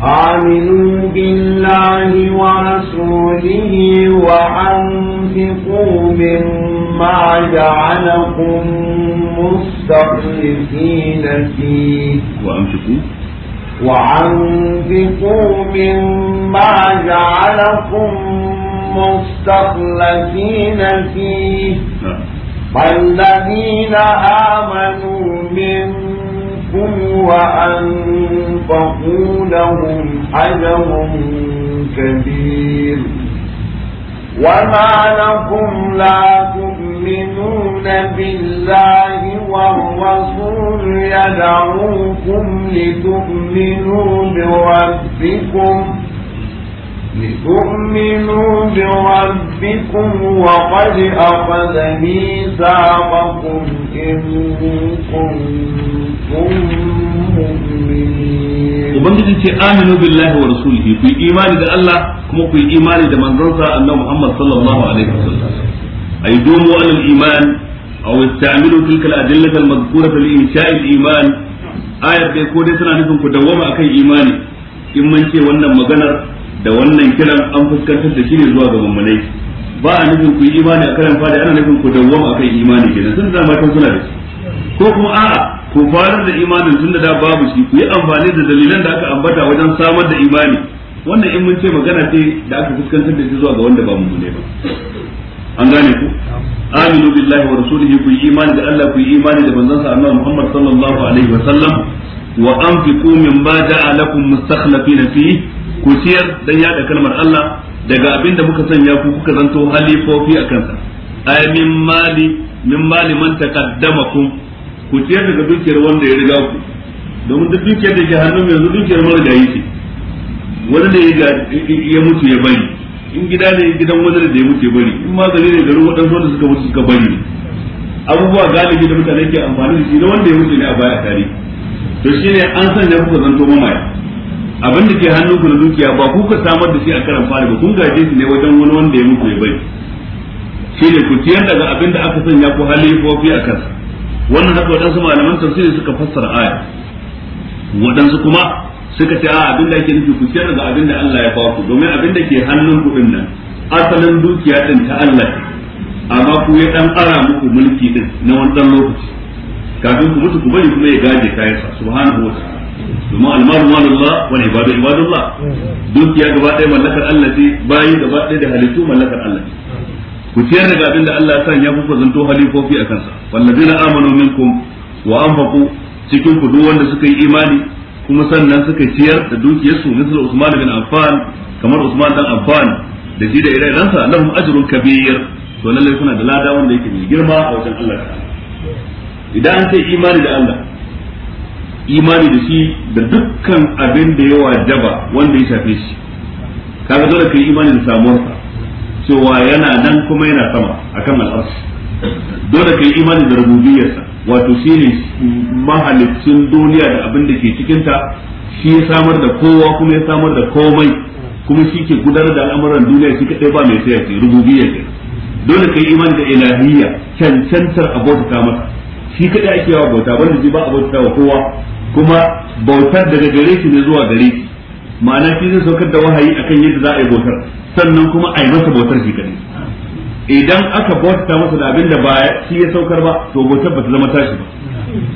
آمنوا بالله ورسوله وأنفقوا مما جعلكم مستخلفين فيه وأنفقوا وأنفقوا مما جعلكم مستخلفين فيه نعم. فالذين آمنوا منكم منكم وأنفقوا لهم أجر كبير وما لكم لا تؤمنون بالله والرسول يدعوكم لتؤمنوا بربكم لتؤمنوا بربكم وقد أخذ ميثاقكم إن كنتم Ubangiji ce aminu billahi wa rasulihi ku imani da Allah kuma ku imani da a Annabi Muhammad sallallahu alaihi wasallam ay dumu an iman aw istamilu tilka al-adilla al-madhkura fi insha' al-iman ayat dai ko dai tana nufin ku dawwama akan imani in mun wannan maganar da wannan kiran an fuskantar da shi ne zuwa ga mummunai ba a nufin ku yi imani a karan fada ana nufin ku dawwama akan imani kenan sun da matan suna da shi ko kuma a'a ku farar da imanin tun da da babu shi ku yi amfani da dalilan da aka ambata wajen samar da imani wannan in mun ce magana ce da aka fuskantar da shi zuwa ga wanda ba mummune ba an gane ku aminu billahi wa rasulihi ku yi imani da Allah ku yi imani da manzon sa annabi Muhammad sallallahu alaihi wa sallam wa anfiqu mimma ja'a lakum mustakhlifina fihi ku ciyar dan yada kalmar Allah daga abinda muka sanya ku kuka zanto halifofi a kansa ay min mali min mali man taqaddamakum ku ciyar daga dukiyar wanda ya riga ku domin duk dukiyar da ke hannun yanzu dukiyar da yake wani ne ya mutu ya bari in gida ne gidan wani da ya mutu ya bari in magani ne garin waɗansu wanda suka mutu suka bari abubuwa galibi da mutane ke amfani da shi na wanda ya mutu ne a baya tare to shine an sanya kuka zanto mamaya abin da ke hannun ku na dukiya ba ku ka samar da shi a karan fari ba kun gaje shi ne wajen wani wanda ya muku ya bari shi ne ku ciyar daga abin da aka sanya ku fi a kansa wannan haka waɗansu malaman tafsiri suka fassara aya waɗansu kuma suka ce a abin da ake nufi ku ciyar daga abin da Allah ya ku domin abin da ke hannun ku din nan asalin dukiya din ta Allah amma ku ya dan ara muku mulki din na wani dan lokaci kafin ku mutu ku bari kuma ya gaje kayansa subhanahu wa ta'ala domin almaru malullah wal ibadu ibadullah dukiya gaba ɗaya mallakar Allah ce bayi gaba ɗaya da halittu mallakar Allah ce ku ciyar daga abin da Allah san ya kuka zanto halifofi a kansa na amanu minkum wa anfaqu cikin ku duk wanda suka yi imani kuma sannan suka ciyar da dukiyarsu misal Usman bin Affan kamar Usman dan Affan da shi da ire-irensa lahum ajrun kabir to lallai kuna da lada wanda yake mai girma a wajen Allah idan an ce imani da Allah imani da shi da dukkan abin da ya jaba wanda ya shafe shi kaga dole kai imani da samuwarsa cewa yana nan kuma yana sama akan al'arshi dole kai imani da rububiyarsa wato ne mahalicin duniya da abin da ke cikinta shi ya samar da kowa kuma ya samar da komai kuma shi ke gudanar da al'amuran duniya shi kadai ba mai saya ce rububiyar dole kai imani da ilahiyya cancantar abota masa shi kadai ake yawa bauta wanda shi ba a bauta wa kowa kuma bautar daga gare shi ne zuwa gare shi ma'ana shi zai saukar da wahayi akan yadda za a yi bautar sannan kuma a yi masa bautar shi kadai idan aka bauta masa da abin da ba shi ya saukar ba to bautar ba ta zama tashi ba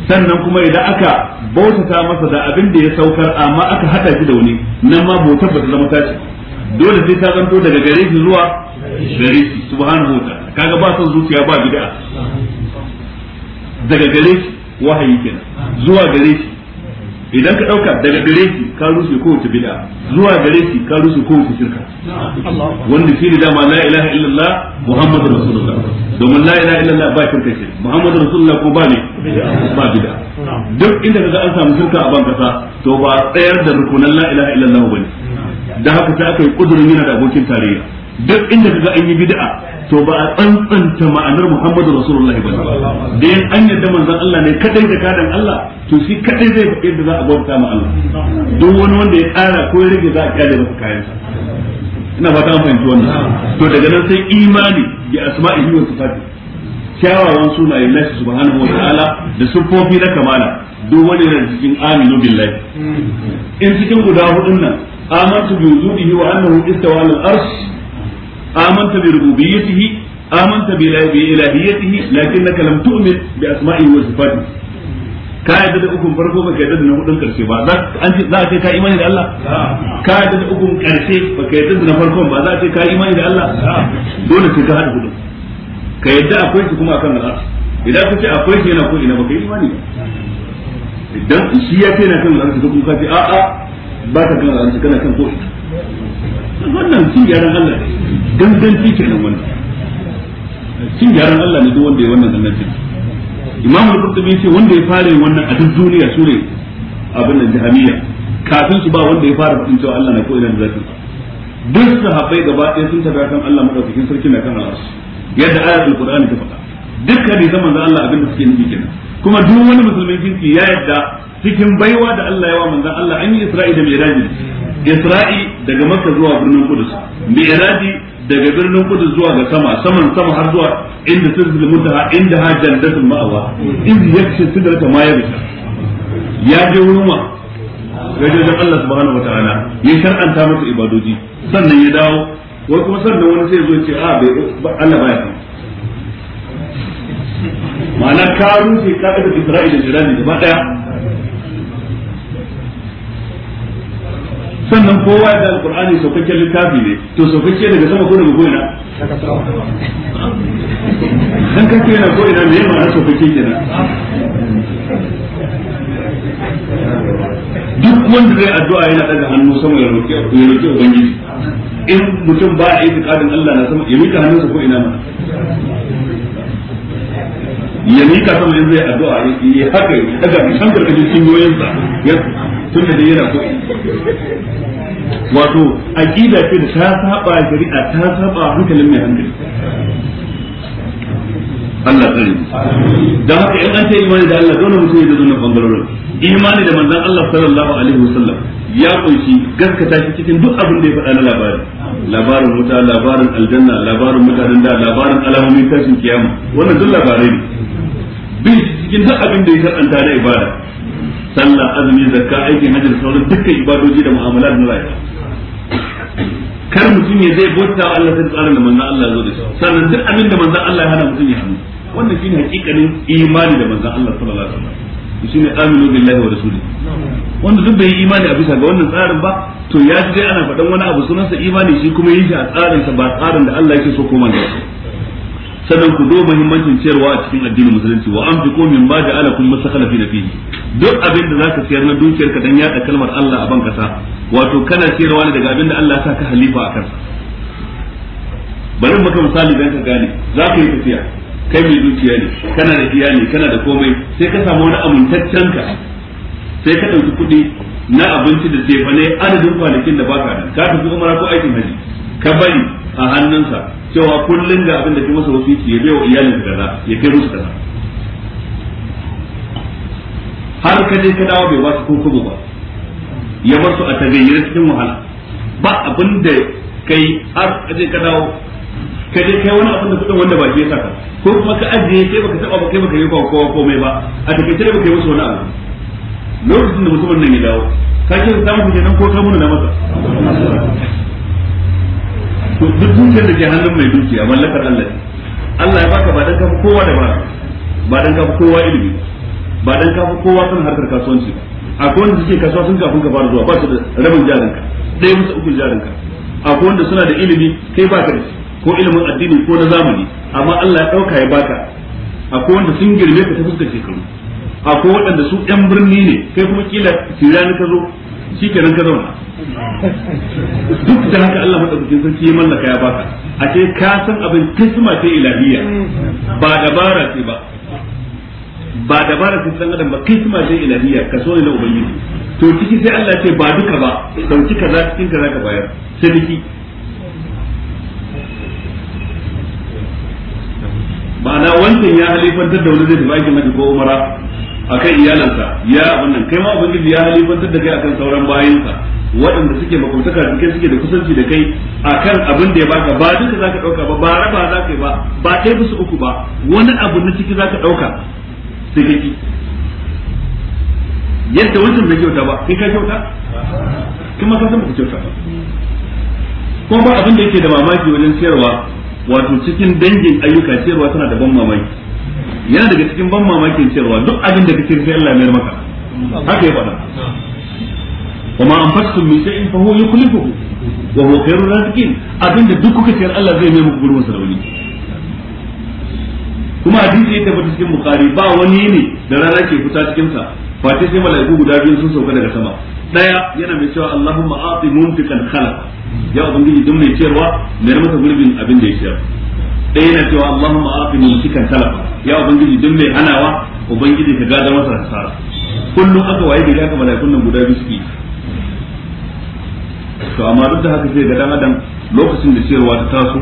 sannan kuma idan aka bautata masa da abin da ya saukar amma aka hada shi da wani nan ma bautar ba ta zama tashi dole sai ta zanto daga gare shi zuwa gare shi subhanahu wa ta'ala kaga ba son zuciya ba bid'a daga gare shi wahayi kenan zuwa gare shi idan ka dauka daga gare shi ka rusu kowace bid'a zuwa gare shi ka rusu kowace shirka wanda shi ne dama la ilaha illallah muhammadur rasulullah domin la ilaha illallah ba shirka ce muhammadur rasulullah ko ba ne ba bid'a duk inda kaga an samu shirka a ban kasa to ba tsayar da rukunan la ilaha illallah bane dan haka sai aka yi kudurin yana da abokin tarayya duk inda kaga an yi bid'a to ba a tsantsanta ma'anar Muhammadu Rasulullah ba da yin an yadda manzon Allah ne kadai da kadan Allah to shi kadai zai faɗi yadda za a bauta ma Allah duk wani wanda ya ƙara ko ya rage za a kyale masa kayansa ina fata an fahimci wannan to daga nan sai imani ya asma'ihi wa sifati kyawawan sunaye na shi subhanahu ta'ala da sufofi na kamala duk wani yana cikin aminu billahi in cikin guda hudun nan amantu bi wujudihi wa annahu istawa al Ars. amanta bi rububiyyatihi amanta bi ilahiyatihi lakinnaka lam tu'min bi asma'ihi wa sifatihi ka yadda da ukun farko baka yadda da na hudun karshe ba za a ce ka imani da Allah ka yadda da ukun karshe baka yadda da na farkon ba za a ce ka imani da Allah dole sai ka hada hudun ka yadda akwai shi kuma akan al'arsh idan ka ce akwai shi yana ko ina baka imani ba idan shi ya ce na kan al'arsh ka kuma ka ce a'a ba ka kan al'arsh kana kan ko wannan cin gyaran Allah ne danganci nan wannan cin gyaran Allah ne duk wanda ya wannan cikin Imam Al-Qurtubi ce wanda ya fara wannan a duk duniya su ne abin nan kafin su ba wanda ya fara fitin cewa Allah na ko idan zafi duk su sahabbai gaba ɗaya sun tabbata kan Allah madaukakin sarki na kan al'arsu yadda ayatul Qur'ani ta faɗa duk hadisan za Allah abin da suke nufi kenan kuma duk wani musulmin kinki ya yadda cikin baiwa da Allah ya wa manzan Allah an yi Isra'ila da Mi'raj isra'i daga makka zuwa birnin kudus mi'raji daga birnin kudus zuwa ga sama saman sama har zuwa inda sirrul muntaha inda ha jannatul ma'awa in yakshi sidrata ma yabta ya je wurin wa gaje da Allah subhanahu wataala ya shar'anta masa ibadoji sannan ya dawo wai kuma sannan wani sai zo ce a ah, bai Allah baya ma'ana ka ka ka'idar isra'i da jirani gaba daya sannan kowa da alkur'ani saukakken littafi ne to saukakke daga sama ko daga koina dan ka ce yana goina me ma saukakke kenan duk wanda zai addu'a yana daga hannu sama ya roki ya roki ubangiji in mutum ba a itikadin Allah na sama ya mika hannunsa ko ina ma ya mika sama in zai addu'a ya haka ya daga kan karkashin cinyoyinsa ya tunda da yana ko wato aqida ce da ta saba shari'a ta saba hankalin mai hankali Allah tsare da haka in an ce imani da Allah dole mutum ya zo nan bangarorin imani da manzon Allah sallallahu alaihi wasallam ya kunshi gaskata shi cikin duk abin da ya faɗa na labari labarin wuta labarin aljanna labarin mutanen da labarin alamomin tashin kiyama wannan duk labarai ne bin cikin duk abin da ya karanta na ibada sallah azumi zakka aikin hajji da sauran dukkan ibadoji da mu'amalat na rayuwa kar mutum ya zai bauta wa Allah sai tsarin da manzon Allah zo da shi sannan duk abin da manzon Allah ya hana mutum ya hannu wannan shine hakikanin imani da manzon Allah sallallahu alaihi wasallam shine aminu billahi wa rasuli wanda duk bai imani a bisa ga wannan tsarin ba to ya ji dai ana faɗan wani abu sunansa imani shi kuma yin shi a tsarin sa ba tsarin da Allah yake so ko manzon sannan ku zo muhimmancin ciyarwa a cikin addinin musulunci wa ko min ma ja'alakum na fihi duk abin da zaka ciyar na dukiyar ka dan da kalmar Allah a ban kasa wato kana ciyarwa ne daga abin da Allah ya ka halifa akan bari ka misali dan ka gane zaka yi tafiya kai mai dukiya ne kana da ne kana da komai sai ka samu wani amintaccen ka sai ka dauki kuɗi na abinci da tefa ne adadin kwanakin da baka da ka tafi umara ko aikin haji ka bari a hannunsa cewa kullum ga abin da ke masa wasu ya bai wa iyalin kaza ya kai musu kaza har ka je ka dawo bai ba su kokobo ba ya bar su a tagayyar cikin wahala ba abin da kai har ka je ka dawo ka je kai wani abin da kudin wanda ba ke ka ko kuma ka ajiye kai baka taba ba kai baka yi ba kowa komai ba a take da baka yi musu wani abu lokacin da mutumin nan ya dawo ka ce samun kenan ko ta muna na masa to duk dukiyar da ke hannun mai dukiya mallakar Allah ne Allah ya baka ba dan kafa kowa da ba ba dan kafa kowa ilimi ba dan kafa kowa kan harkar kasuwanci akwai wanda suke kasuwa sun kafin ka fara zuwa ba su da rabin jarinka ɗaya musu uku jarinka akwai wanda suna da ilimi kai ba ka da ko ilimin addini ko na zamani amma Allah ya ɗauka ya baka akwai wanda sun girme ka ta fuskar shekaru akwai waɗanda su ɗan birni ne kai kuma kila tirani ka zo nan ka zauna duk da haka Allah madaukakin sarki ya mallaka ya baka a ce ka san abin kisma ce ilahiyya ba dabara ce ba ba dabara ce san adam ba kisma ce ilahiyya ka so ne na ubangiji to ciki sai Allah ce ba duka ba dauki kaza cikin kaza ka bayar sai ba na wancan ya halifantar da wani zai tafi aikin haji ko umara akan iyalansa ya wannan kai ma ubangiji ya halifantar da kai akan sauran bayinsa waɗanda suke makwabtaka da kai suke da kusanci da kai akan abin da ya baka ba duka zaka dauka ba ba raba zaka yi ba ba kai bisa uku ba wani abu na ciki zaka dauka sai kake yadda wancan bai kyauta ba kai ka kyauta kuma ka san ba kyauta ba ko ba abin da yake da mamaki wajen siyarwa wato cikin dangin ayyuka siyarwa tana da ban mamaki yana daga cikin ban mamakin cewa duk abin da kake sai Allah ya mayar maka haka ya faɗa وما أنفقتم من شيء فهو يخلفه وهو خير الرازقين أبين دك كثير الله زي ما gurbin sarauni kuma hadisi ya tabbata cikin bukari ba wani ne da rana ke fita cikin sa face sai mala'iku guda biyu sun sauka daga sama daya yana mai cewa Allahumma a'ti munfiqan khalaq ya ubangiji duk mai cewa mai masa gurbin abin da ya ciyar da yana cewa Allahumma afini shikan talafa ya ubangiji duk mai hanawa ubangiji ka gada masa hasara kullum aka waye da aka mala'ikun nan guda biski? to amma duk da haka sai ga dan adam lokacin da ciyarwa ta taso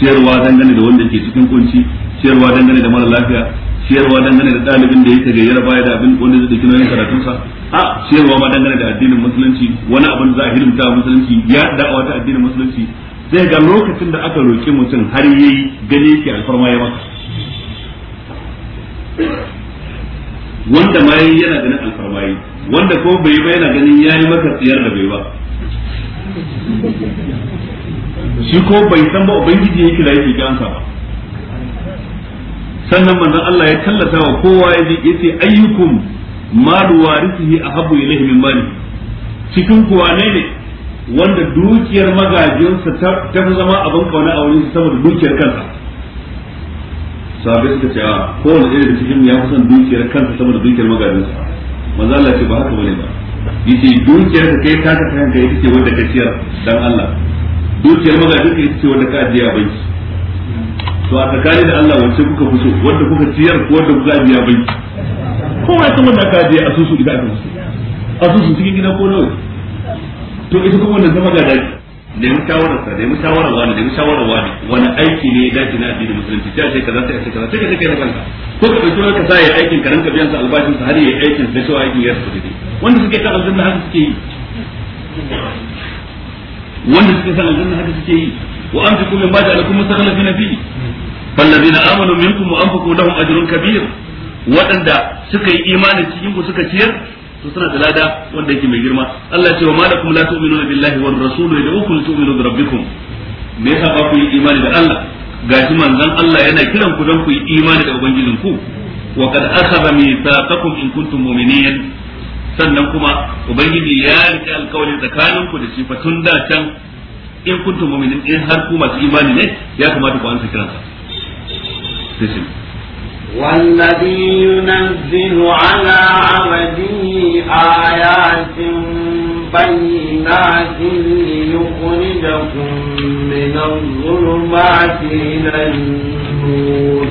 ciyarwa dangane da wanda ke cikin kunci ciyarwa dangane da mara lafiya ciyarwa dangane da ɗalibin da yake gayyar baya da abin wanda zai nan karatun sa. a ciyarwa ma dangane da addinin musulunci wani abin da za a hidimta musulunci ya da'awa ta addinin musulunci zai ga lokacin da aka roƙi mutum har yi gani yake alfarma ya maka wanda ma yi yana ganin alfarma yi wanda ko bai ba yana ganin yi masa tsiyar da bai ba shi ko bai san ba ubangiji yake da yake gansa ba sannan manzon Allah ya tallata wa kowa ya ji yace ayyukum malu a ahabbu ilayhi min mali cikin kuwa ne ne wanda dukiyar magajinsa ta fi zama abin kauna a wurin saboda dukiyar kansa sahabai suka ce a ah, kowane iri da cikin ya kusan dukiyar kansa saboda dukiyar magajinsa maza Allah ce ba haka bane ba yace dukiyar ka kai taka ta ka ita ce wanda ka ciyar dan Allah dukiyar magajinka ita ce wanda ka ajiya banki to a tsakani da Allah wacce kuka fi so wanda kuka ciyar ko wanda kuka ajiya banki kowa ya san wanda aka ajiya asusu idan ka musu asusu cikin gida ko nawa to ita kuma wannan zama ga daji nemi shawarar sa nemi shawarar wani nemi shawarar wani wani aiki ne ya dace na addinin musulunci ta ce kaza ta ce kaza sai ka kai na kanka ko ka dauki ka sa ya aikin ka ranka biyan sa albashin sa har ya aikin sai shi aikin ya tafi wanda suke ta aljanna haka suke yi wanda suke san aljanna haka suke yi wa anfiqu mimma ja'alakum mustakhlifin fihi فالذين آمنوا منكم وأنفقوا لهم أجر كبير waɗanda suka yi imanin cikin ku suka ciyar to suna da lada wanda yake mai girma Allah ya ce wa malakum la tu'minuna billahi war rasul yad'ukum tu'minu bi rabbikum me yasa ba ku yi imani da Allah gashi manzon Allah yana kiran ku don ku yi imani da ubangijin ku wa qad akhadha mithaqakum in kuntum mu'minin sannan kuma ubangiji ya rike alkawarin tsakanin ku da shi fa tun da can in kuntum mu'minin in har ku masu imani ne ya kamata ku ansa kiransa sai والذي ينزل على عبده آيات بينات ليخرجكم من الظلمات إلى النور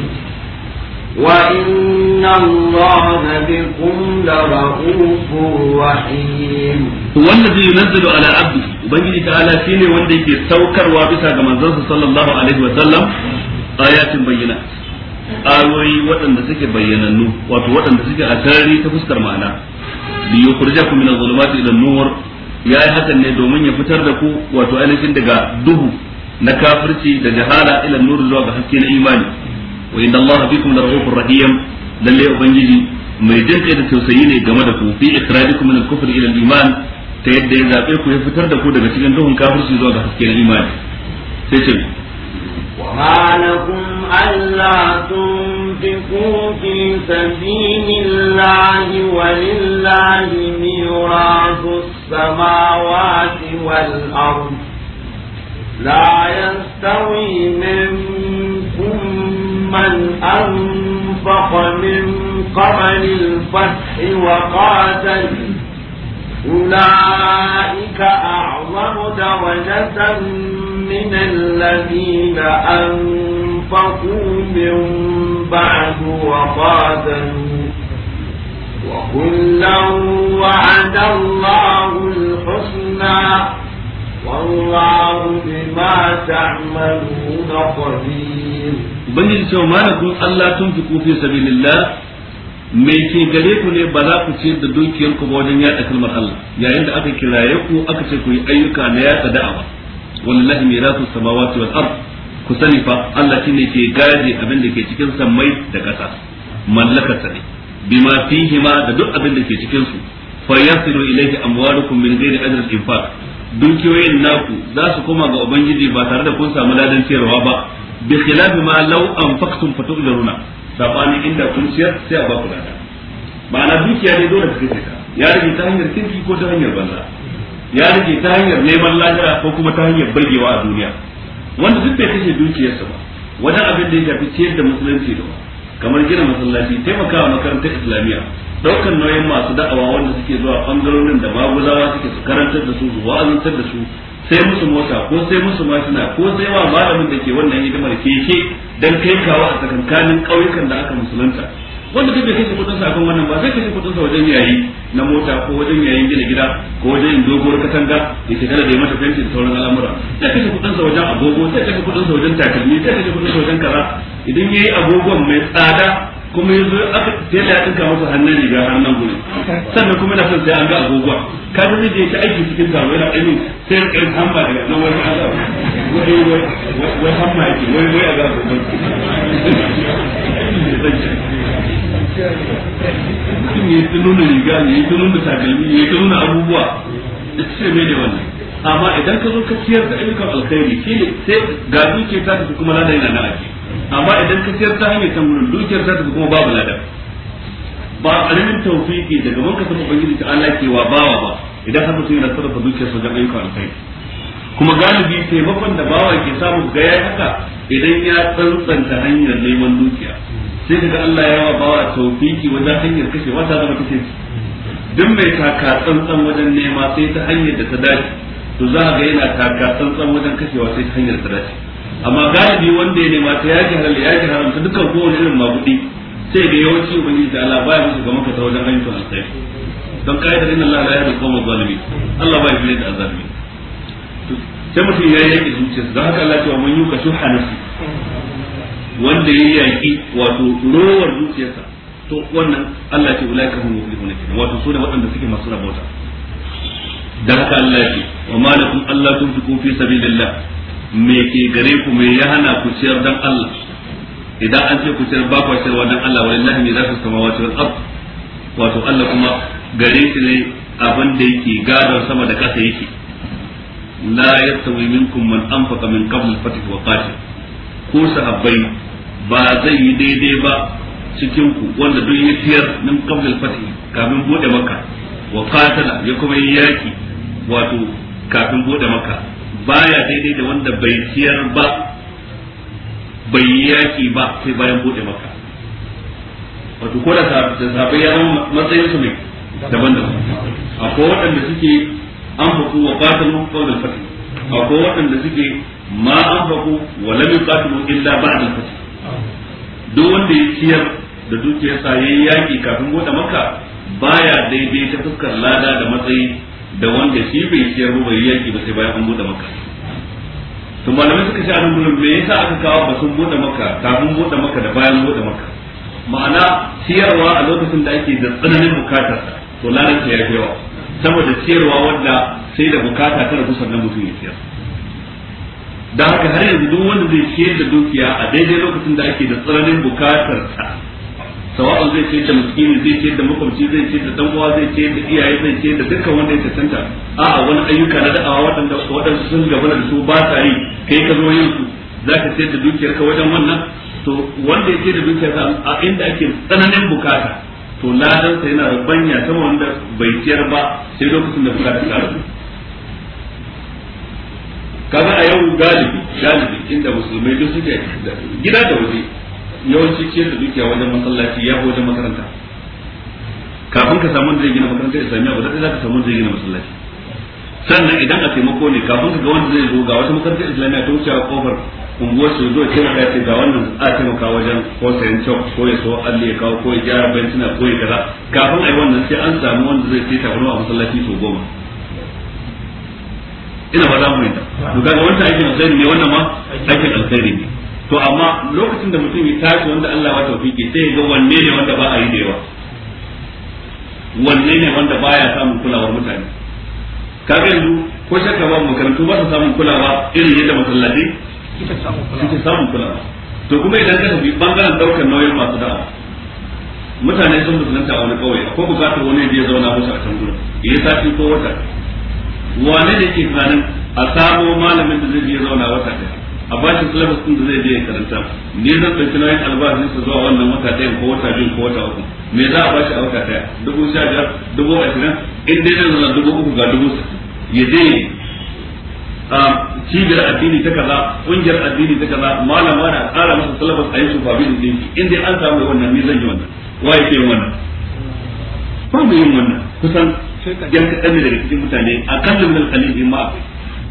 وإن الله بكم لرؤوف رحيم والذي ينزل على عبده وبنجي تعالى شيني وندي في سوكر وابسا كما صلى الله عليه وسلم آيات بينات ayoyi waɗanda suke bayyanannu wato waɗanda suke a tarihi ta fuskar ma'ana bi kurja ku adh zulumati ila an ya yayi hakan ne domin ya fitar da ku wato ainihin daga duhu na kafirci da jahala ila an-nur zuwa ga haske na imani wa inna Allah bikum larahufur rahim lalle ubangiji mai jinkai da tausayi ne game da ku fi ikhrajikum min al-kufr ila al-iman ta yadda ya zabe ku ya fitar da ku daga cikin duhun kafirci zuwa ga haske na imani sai ce وما لكم ألا تنفقوا في سبيل الله ولله ميراث السماوات والأرض لا يستوي منكم من أنفق من قبل الفتح وقاتل أولئك أعظم درجة من الذين أنفقوا من بعد وقاتلوا وكلا وعد الله الحسنى والله بما تعملون قدير بني سومانكم الله ألا تنفقوا في سبيل الله mai ke gare ku ne ba za ku ce da dukiyar ku ba wajen yada kalmar Allah yayin da aka kiraye ku aka ce ku yi ayyuka na yada da'awa wallahi mirasu samawati wal ard ku sani fa Allah shine ke gaje abin da ke cikin sammai da ƙasa mallakar sa ne bima fihi ma da duk abin da ke cikin su fa yasilu ilayhi amwalukum min ghairi ajrin infaq dukiyoyin naku za su koma ga ubangiji ba tare da kun samu ladan cewa ba bi khilafi ma law anfaqtum fatu'laruna sabani inda kun siyar sai a ba lada ma'ana dukiya ne dole ka ta ya rage ta hanyar kirki ko ta hanyar banza ya rage ta hanyar neman lajira ko kuma ta hanyar bagewa a duniya wanda duk bai kashe dukiyarsa ba wajen abin da ya shafi ciyar da musulunci da kamar gina masallaci taimakawa makaranta islamiyya daukan nauyin masu da'awa wanda suke zuwa bangarorin da maguzawa suke su karantar da su su wa'azantar da su sai musu mota ko sai musu mashina ko sai wa malamin da ke wannan hidimar keke dan kai kawo a tsakankanin ƙauyukan da aka musulunta wanda duk da kashe kudin sa akan wannan ba zai kashe kudin sa wajen yayi na mota ko wajen yayin gina gida ko wajen doguwar katanga da ke kada da mata fenti da sauran al'amura zai kashe kudin sa wajen agogo zai kashe kudin sa wajen takalmi zai kashe kudin sa wajen kaza idan yayi agogon mai tsada kuma yanzu aka tela ya dinka masa hannun riga hannun gudu sannan kuma na son sai an ga agogon ka ga zai je ta aiki cikin taro yana ɗani sai ya kai hamba daga nan wani hada wai wai wai hamba yake wai wai a ga agogon mutum ya ta nuna riga ne ya ta nuna takalmi ya ta nuna abubuwa da ce mai da wannan amma idan ka zo ka ciyar da ayyukan alkhairi shi ne sai ga duke ta kuma lada yana na aji amma idan ka ciyar ta hanyar ta gurin dukiyar ta kuma babu ladan ba karamin taufiki daga wanka ta gidi ta Allah ke wa bawa ba idan sun yi yana sarrafa dukiyar sa don kwan kai kuma galibi taimakon da bawa ke samu ga haka idan ya tsantsanta hanyar neman dukiya sai daga Allah ya wa bawa taufiki wajen hanyar kashewa ta zama kace duk mai taka tsantsan wajen nema sai ta hanyar da ta dace to za ga yana taka tsantsan wajen kashewa sai ta hanyar da ta dace amma galibi wanda ya nema ta yaki halal yaki haram ta dukkan kowane irin mabudi sai ga yawanci ubangiji da Allah baya musu ga maka wajen wajen na sai don kaidar inna Allah la yahdi qawma zalimin Allah baya fiye da azabi sai mutum ya yaki zuciya da haka Allah wa mun yuka shuha nafsi wanda ya yaki wato rowar zuciyarsa to wannan Allah ce ulaika hum muflihuna kenan wato su ne waɗanda suke masu rabota dan haka Allah ce wa malakum Allah tunfiqu fi sabilillah me ke gare ku me ya hana ku ciyar dan Allah idan an ce ku ciyar ba ku ciyar dan Allah wallahi me za ku sama wato al wato Allah kuma gare shi ne abin da yake gadon sama da kasa yake la yastawi minkum man anfaqa min qabl al-fath wa qatil ko sahabbai ba zai yi daidai ba cikin ku wanda duk ya ciyar min qabl al-fath kafin bude makka wa qatala ya kuma yi yaki wato kafin bude makka baya daidai da wanda bai ciyar ba bai yaki ba sai bayan bude maka wato ko da sabai ya zama matsayin su ne daban daban akwai waɗanda suke an faku wa qatalu qawlan fath akwai waɗanda suke ma an faku wa lam yuqatilu illa ba'da fath duk wanda ya ciyar da dukiyarsa yi yaki kafin bude maka baya daidai ta fuskar lada da matsayi da wanda shi bai ciyar ba bai yaki ba sai bayan an buɗe maka to malamai suka ce anan gurin me yasa aka kawo ba sun buɗe maka kafin buɗe maka da bayan bude maka ma'ana ciyarwa a lokacin da ake da tsananin bukatar to lalata ya fi yawa saboda ciyarwa wanda sai da bukata kada kusan na mutum ya ciyar da haka har yanzu duk wanda zai ciyar da dukiya a daidai lokacin da ake da tsananin bukatar sa sawa'un zai ce da miskini zai ce da makwabci zai ce da uwa zai ce da iyaye zai ce da dukkan wanda ya a a'a wani ayyuka na da'awa waɗanda waɗansu sun gaba da su ba sa yi kai ka zo yin su ka ce da dukiyar ka wajen wannan to wanda ya ce da dukiyar ka a inda ake tsananin bukata to ladan sa yana rubanya ta wanda bai ciyar ba sai lokacin da bukata ta rabu kaga a yau galibi galibi inda musulmai duk suke gida da waje yawanci ke da dukiya wajen masallaci ya wajen makaranta kafin ka samu da gina makaranta islamiyya ba za ka samu da gina masallaci sannan idan a taimako ne kafin ka ga wanda zai zo ga wata makarantar islamiyya ta wuce a kofar unguwar su zo cewa ya ce ga wannan a taimaka wajen ko sayan cok ko ya so alli ya kawo ko ya gyara bencina ko ya gara kafin a yi wannan sai an samu wanda zai ce tafi a masallaci sau goma ina ba za mu yi ta to kaga wannan aikin ne wannan ma aikin alkhairi ne to amma lokacin da mutum ya tashi wanda Allah ya tawfiki sai ga wanne ne wanda ba a yi da yawa wanne ne wanda baya samun kulawa mutane Ka ga yanzu ko shakka ba makarantu ba su samun kulawa irin yadda masallaci suke samun kulawa to kuma idan ka tafi bangaren daukar nauyin masu da'a mutane sun musulunta a wani kauye akwai bukatar wani da ya zauna musu a can gurin ya sati ko wata wane ne ke tunanin a samo malamin da zai je zauna wata ɗaya a bashin syllabus din da zai je ya karanta ne zan na yin albashin su zuwa wannan wata ɗaya ko wata biyu ko wata uku me za a bashi a wata ɗaya dubu sha biyar dubu ashirin in dai zan zana dubu uku ga dubu ya je a cibiyar addini ta kaza ƙungiyar addini ta kaza malama na ƙara masa syllabus a yi su ba biyu ɗin in dai an samu wannan me zan yi wannan wa ya ke yin wannan ba mu yin wannan kusan yan kaɗan daga cikin mutane a kallon min alƙalin ma akwai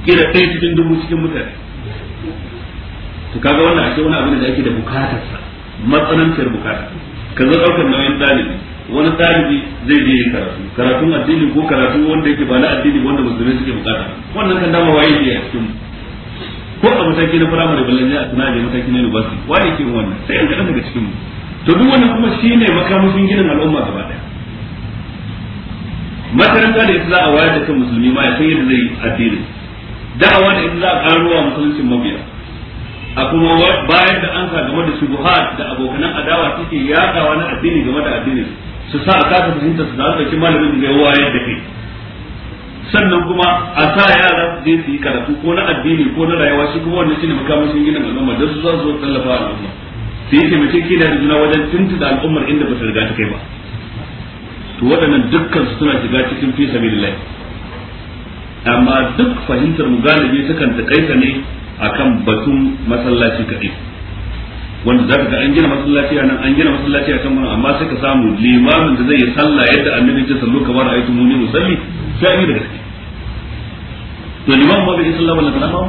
kira ɗaya cikin dubu cikin mutane to kaga wannan ake wani abin da ake da bukatar sa matsananciyar bukata ka zo daukar nauyin dalibi wani dalibi zai je karatu karatun addini ko karatu wanda yake ba na addini wanda musulmai suke bukata wannan kan dama waye ne a cikin ko a mataki na firamare ballan a tuna da mataki na university wani ke wannan sai an kaɗan daga cikin mu to duk wannan kuma shine makamashin ginin al'umma gaba daya makaranta da yake za a wayar da kan musulmi ma ya san yadda zai addini da'awa da ita za a karuwa musulunci mabiya a kuma bayan da an sa game da shubuhat da abokanan adawa suke yadawa na addini game da addinin su sa a kasa fahimta su zaɓa ci malamin da ya wayar da kai sannan kuma a sa yara su je su yi karatu ko na addini ko na rayuwa shi kuma wannan shine makamashin ginin al'umma don su za su zo tallafa al'umma su yi taimake kila da juna wajen tuntuɗa al'ummar inda ba su riga ta kai ba to waɗannan dukkan su suna shiga cikin fi sabilillah amma duk fahimtar mu galibi sukan takaita ne akan batun masallaci kaɗai wanda za ka ga an gina masallaci a nan an gina masallaci a kan wani amma sai ka samu limamin da zai yi sallah yadda annabi ta sallu kamar a yi muni musalli sai an yi da gaske to limamin ma bai yi sallah balantana ba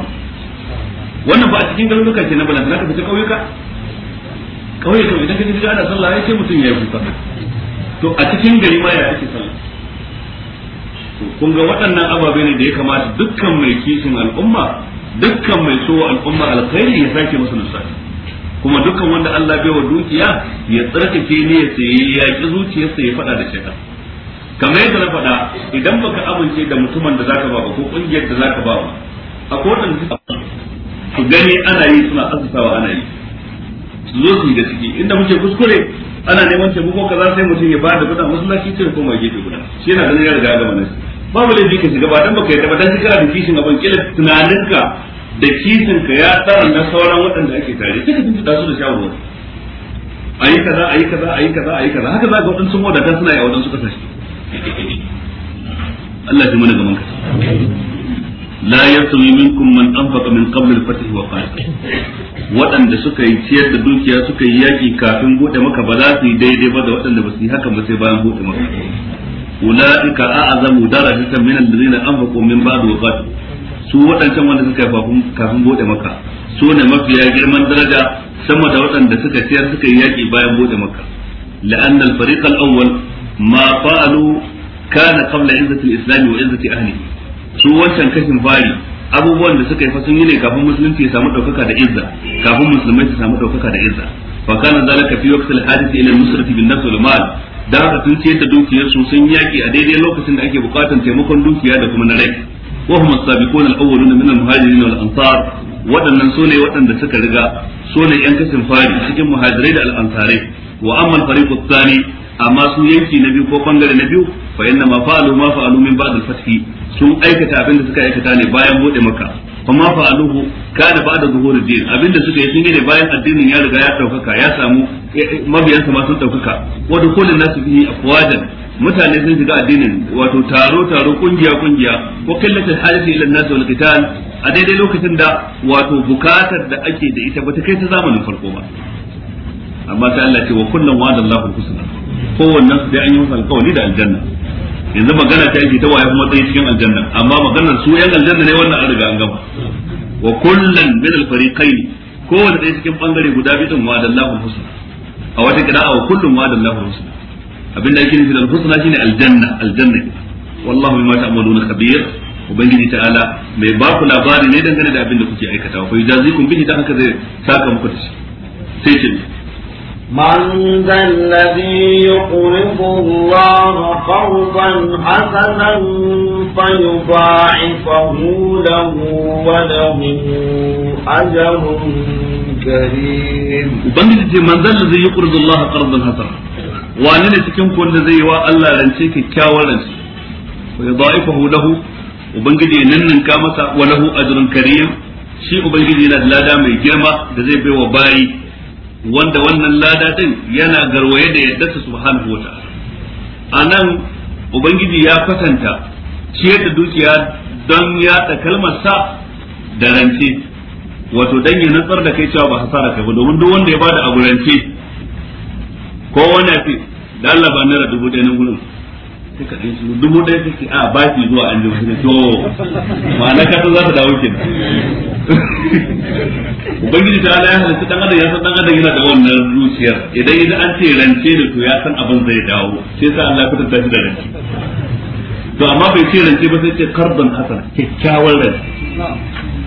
wannan ba a cikin garuruka ke na kauye ka fita ƙauyuka ƙauyuka idan ka ji ana sallah ya ce mutum ya yi kuka to a cikin gari ma ya ake sallah kun ga waɗannan ababe ne da ya kamata dukkan mai kishin al'umma dukkan mai so al'umma alkhairi ya sake masa lissafi kuma dukkan wanda Allah bai wa dukiya ya tsarkake ne ya sai ya ki zuciyarsa ya faɗa da shaitan kamar yadda na faɗa idan baka amince da mutumin da zaka ba ba ko kungiyar da zaka ba ba akwai wadanda su gani ana yi suna asusawa ana yi su zo su yi da ciki inda muke kuskure ana neman taimako kaza sai mutum ya ba da kuɗa masallaci ce ko mai gefe guda shi yana ganin ya riga ya gama babu laifi ka shiga ba dan baka yadda ba dan kana da kishin abin kila tunaninka da kishin ka ya tsara na sauran waɗanda ake tare sai ka tuntuɗa su da shawarwari ayi kaza ayi kaza ayi kaza ayi kaza haka za ga waɗansu mawadata suna yi a waɗansu kasashe Allah ya mana gaman ka la yasawi minkum man anfaqa min qabl al-fath wa qatil waɗanda suka yi ciyar da dukiya suka yi yaki kafin bude maka ba za su yi daidai ba da waɗanda ba su yi haka ba sai bayan bude maka ulaika a'zamu darajatan min alladhina anfaqu min ba'd wa qad su waɗancan wanda suka yi kafin bude maka su ne mafiya girman daraja sama da waɗanda suka ciyar suka yi yaƙi bayan bude maka la'an al-fariq al-awwal ma fa'alu kana qabla izzati al-islam wa izzati ahli su wancan kashin fari abubuwan da suka yi fa ne kafin musulunci ya samu ɗaukaka da izza kafin musulmai su samu ɗaukaka da izza fa kana zalika fi waqtil hadith ila al-nusrati bin nafs da haka sun ciyar da dukiyarsu sun yaki a daidai lokacin da ake bukatan taimakon dukiya da kuma na rai wa hum as-sabiquna al-awwaluna min al-muhajirin wal ansar waɗannan sune waɗanda suka riga sune yan kasin fari cikin muhajirai da al-ansarai wa amma al-fariqu ath-thani amma su yanki na biyu ko bangare na biyu fa inna ma fa'alu ma fa'alu min ba'd al-fath sun aikata abin da suka aikata ne bayan bude makka fa ma fa'aluhu kana ba'da zuhur din abinda suka yi sun yi ne bayan addinin ya riga ya daukaka ya samu mabiyansa ma sun daukaka wa dukhulun nasu bihi afwajan mutane sun shiga addinin wato taro taro kungiya kungiya ko kallatul halisi ila nas wal qital a daidai lokacin da wato bukatar da ake da ita ba ta kai ta zamanin farko ba amma sai Allah ce wa kullun al husna ko wannan da an yi masa alƙawari da aljanna yanzu magana ta yake ta waye kuma tsaye cikin aljanna amma maganar su yan aljanna ne wannan an riga an gama wa kullan min al-fariqayn kowanne ɗaya cikin bangare guda biyu din wa'adallahu husna a wata kira wa kullum wa'adallahu husna abinda yake nufi da husna shine aljanna aljanna wallahu bima ta'maluna khabir ubangiji ta'ala mai ba ku labari ne dangane da abin da kuke aikata fa yujazikum bihi dan haka zai saka muku da shi sai ce من ذا الذي يقرض الله قرضا حسنا فيضاعفه له وله أجر كريم بنجد من ذا الذي يقرض الله قرضا حسنا wani ne cikin ku zai yi wa Allah rance kyakkyawar rance wa ya da'ifahu lahu ubangiji ya masa wa lahu ajrun karim shi ubangiji yana da lada mai girma da zai baiwa bayi wanda wannan lada din yana garwaye da yadda su subhanahu wa anan ubangiji ya kwatanta ciyar da dukiya don yada kalmar sa da rance wato dan ya nutsar da kai cewa ba hasara kai ba domin duk wanda ya bada abu rance ko wani fi da Allah ba naira dubu ɗaya na gurin suka ɗin su dubu ɗaya suke a ba shi zuwa an jima suka to ma'ana kasa za ta dawo kenan ubangiji ta ala ya halitta dan adam ya san dan adam yana da wannan zuciyar idan idan an ce rance da to ya san abin zai dawo sai sa Allah ya kwatanta shi da rance to amma bai ce rance ba sai ce kardan hasan kyakkyawan rance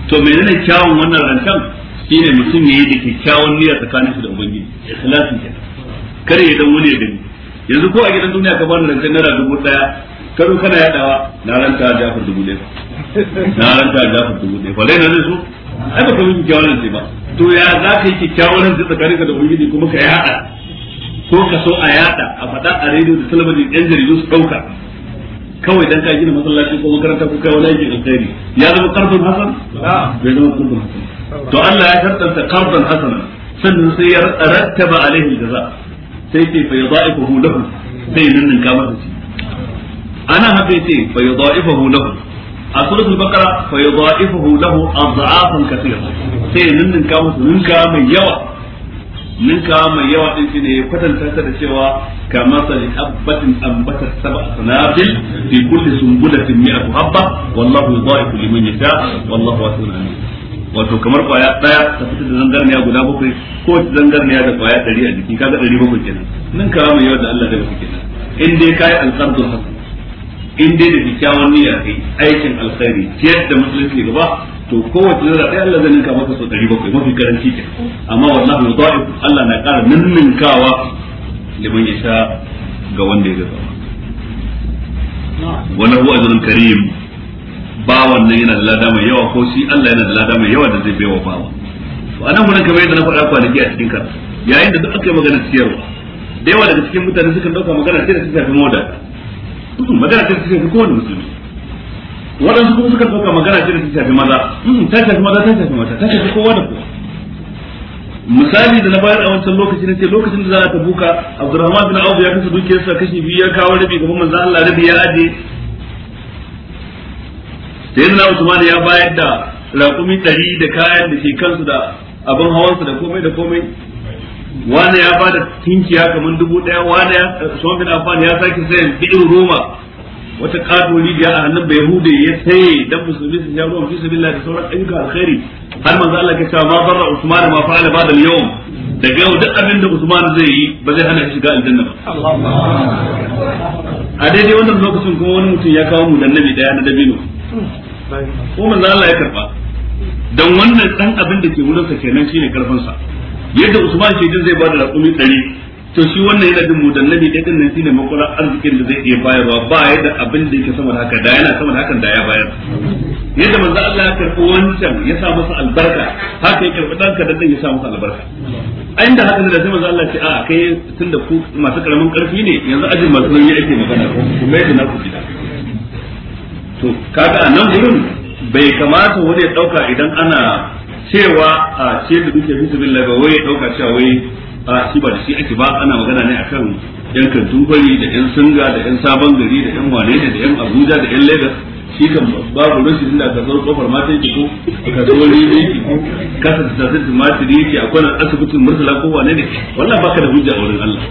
to me menene kyawun wannan rancen shine mutum yayi da kyakkyawan niyya tsakanin shi da ubangiji ikhlasin kenan kare ya dan wani ya gani yanzu ko a gidan duniya ka bani rancen naira dubu daya karo kana yadawa na ranta jafar dubu daya na ranta jafar dubu daya falai na zai ai ba ka yi kyakkyawan rance ba to ya za ka yi kyakkyawan rance ka da ubangiji kuma ka yada ko ka so a yada a faɗa a rediyo da talabijin yan jaridu su ɗauka kawai dan ka gina masallaci ko makaranta ko kai wani aikin alkhairi ya zama karfin hasan bai zama karfin hasan to Allah ya tantance karfin hasan sannan sai ya rattaba alaihi jaza' sai ce fa yadha'ifuhu lahu sai nan nan kama shi ana haka yace fa yadha'ifuhu lahu a suratul baqara fa yadha'ifuhu lahu adha'afan kathira sai nan nan kama su ninka mai yawa ninka mai yawa din shine ne kwatanta ta da cewa kama sali habbatin ambatat sab'a sanabil fi kulli sumbulatin mi'atu habba wallahu yudha'ifu liman yasha wallahu wasi'un alim wato kamar kwaya daya ta fita da zangarniya guda bakwai ko zangarniya da kwaya dari a jiki kaga dari bakwai kenan nan kawo mai yawa da Allah da bakwai kenan in dai kayi alƙardul hasan in dai da kyakkyawan niyya kai aikin alkhairi ciyar da musulunci gaba to kowace zara ɗaya Allah zai ninka maka sau dari bakwai mafi karanci ke amma wallahi yudha'if Allah na ƙara ninninkawa da ya sha ga wanda ya gaza wa lahu ajrun karim bawan nan yana da lada mai yawa ko shi Allah yana da lada mai yawa da zai baiwa bawa to anan gurin kamar yadda na faɗa kwanaki a cikin karatu yayin da duk aka yi magana siyarwa da yawa daga cikin mutane sukan dauka magana sai da suka fi moda hmm, magana ce da ta shafi kowane musulmi waɗansu kuma sukan dauka magana sai da suka fi maza hmm, ta shafi maza ta shafi mata ta shafi kowa da kowa misali da na bayar a wancan lokaci ce lokacin da za a tabuka Abdurrahman bin Auf ya kasa dukiyarsa kashi biyu ya kawo rabi gaban manzon Allah rabi ya ajiye sayyidina usman ya bayar da raƙumi ɗari da kayan da ke kansu da abin hawansu da komai da komai wani ya bada tinkiya kamar dubu ɗaya wani ya son bin afan ya sake sayan biɗin roma wata kato rijiya a hannun bai hude ya saye dan musulmi su jawo su fi da sauran ayyukan alkhairi har manzo Allah ya ce ma barra usman ma fa'ala ba'da al-yawm daga yau duk abin da usman zai yi ba zai hana shi shiga aljanna ba a daidai wannan lokacin kuma wani mutum ya kawo mu da nabi daya na dabino ko manzo Allah ya karba dan wannan dan abin da ke wurin sa kenan shine karfin sa yadda Usman ke jin zai bada rakumi dari to shi wannan yana jin mudannabi da din nan shine makulan arzikin da zai iya bayarwa ba yadda abin da yake sama da haka da yana sama da hakan da ya bayar yadda manzo Allah ya karbi wancan ya sa masa albarka haka ya karbi danka da din ya sa masa albarka a inda haka da sai manzo Allah ce a kai tunda ku masu karamin karfi ne yanzu ajin masu yi ake magana kuma yadda na ku gida to kaga a nan gurin bai kamata wani ya dauka idan ana cewa a ce da duke bisa bin ba wai ya dauka cewa wai a shi ba da shi ake ba ana magana ne akan yan kantun bari da yan singa da yan sabon gari da yan wane da yan abuja da yan lagos shi kan babu rashi inda da kasar kofar mata yake ko ka zo rebe yake ko kasa da tattalin tumatiri yake akwai asibitin murtala ko wane ne wannan baka da hujja a wurin Allah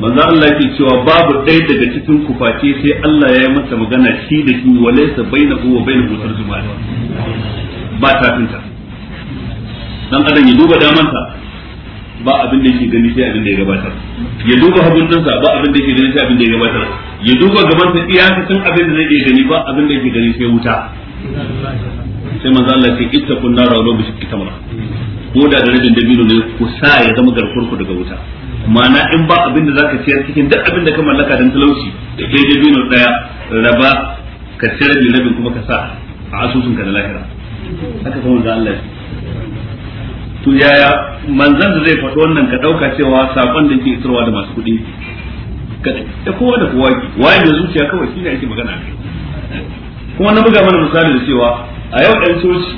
manzo Allah yake cewa babu ɗaya daga cikin ku face sai Allah ya yi masa magana shi da shi wa laysa bainahu wa bainahu tarjuman ba tafinta dan adam ya duba damanta ba abin da yake gani sai abin da ya gabatar ya duba hagunansa ba abin da yake gani sai abin da ya gabatar ya duba gabansa iyakacin abin da zai iya gani ba abin da yake gani sai wuta sai manzo Allah ce ittaqun nar wa rubi tamra ko da da rabin dabino ne ku sa ya zama garkurku daga wuta ma'ana in ba abin da zaka ciyar cikin duk abin da ka mallaka dan talauci da ke dai bino daya raba ka ciyar da rabin kuma ka sa a asusun ka na lahira haka kuma da Allah to yaya manzan da zai faɗi wannan ka ɗauka cewa sakon da ke isarwa da masu kuɗi da kowa da kowa waye da zuciya kawai shi ne ake magana kuma na buga mana misali da cewa a yau ɗan coci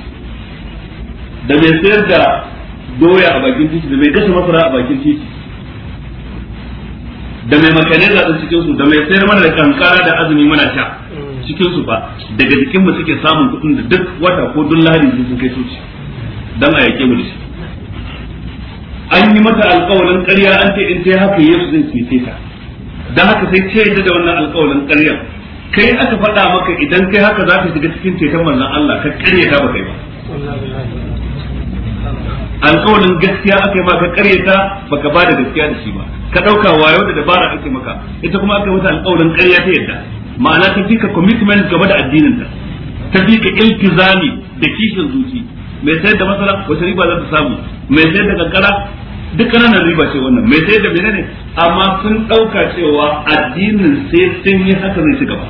da mai sayar da doya a bakin titi da mai gasa masara a bakin titi da mai makanin zaɓen cikin su da mai sayar mana da kankara da azumi mana sha cikin su ba daga jikin mu suke samun kuɗin da duk wata ko duk lahari sun kai su dan a yake mu da shi an yi mata alƙawarin ƙarya an ce in sai haka Yesu zai cece ta dan haka sai ce da wannan alƙawarin ƙaryar kai aka faɗa maka idan kai haka za ka shiga cikin ceton manzon Allah ka ƙaryata ba kai ba alƙawarin gaskiya aka yi maka ta baka ba da gaskiya da shi ba ka dauka wayo da dabara ake maka ita kuma aka mata alƙawarin ƙarya ta yadda ma'ana ta fika commitment gaba da addinin ta ta fika iltizami da kishin zuci mai sayar da masara wata riba za ta samu mai sayar da kankara duk kananan riba ce wannan mai sayar da menene amma sun dauka cewa addinin sai sun yi haka zai shi gaba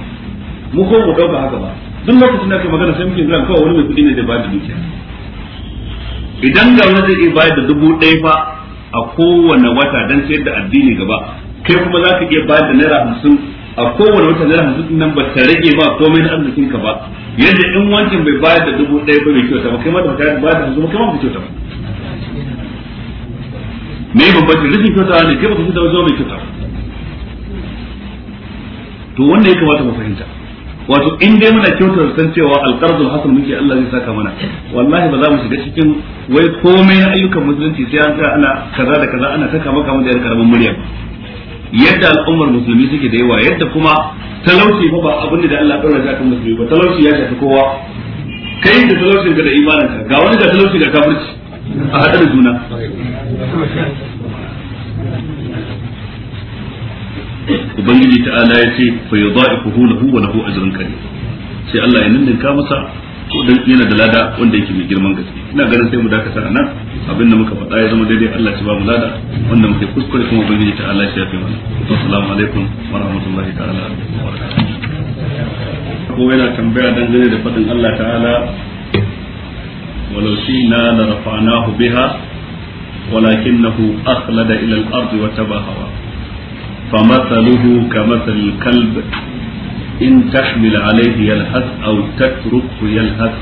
mu ko mu dauka haka ba duk lokacin da ake magana sai muke zan kawai wani mai kuɗi ne da ba da dukiya idan ga zai iya bayar da dubu ɗaya fa a kowane wata dan sayar da addini gaba kai kuma za ka iya ba da naira hamsin a kowane wata naira hamsin nan ba ta rage ba komai na arzikin ka ba yadda in wancan bai bayar da dubu ɗaya ba mai kyauta ba kai ma da ba bayar da hamsin ba kai ma ba kyauta ba me bambancin rashin kyauta ne kai ba ka kyauta ba zama mai kyauta to wannan ya kamata mu fahimta wato in dai muna kyautar san cewa alqardul hasan muke Allah zai saka mana wallahi ba za mu shiga cikin wai komai na ayyukan musulunci sai an ga ana kaza da kaza ana saka maka mun da karamin murya yadda al'ummar musulmi suke da yawa yadda kuma talauci ba abin da Allah ya shi kan musulmi ba talauci ya shafi kowa kai da talaucin ka da imanin ka ga wani da talauci da kafirci a hadar juna ubangiji ta'ala ya ce fa hu lahu wa a ajrun kare sai Allah ya ninninka masa ko dan yana da lada wanda yake mai girman gaske ina ganin sai mu dakata a nan abin da muka faɗa ya zama daidai Allah ya ba mu lada wanda muke kuskure kuma ubangiji ta Allah ya fi mana assalamu alaikum wa rahmatullahi ta'ala wa barakatuh ko yana tambaya dangane da faɗin Allah ta'ala walau na ولو شئنا لرفعناه بها ولكنه أخلد إلى الأرض وتبهوى فمثله كمثل الكلب إن تحمل عليه يلهث أو تتركه يلهث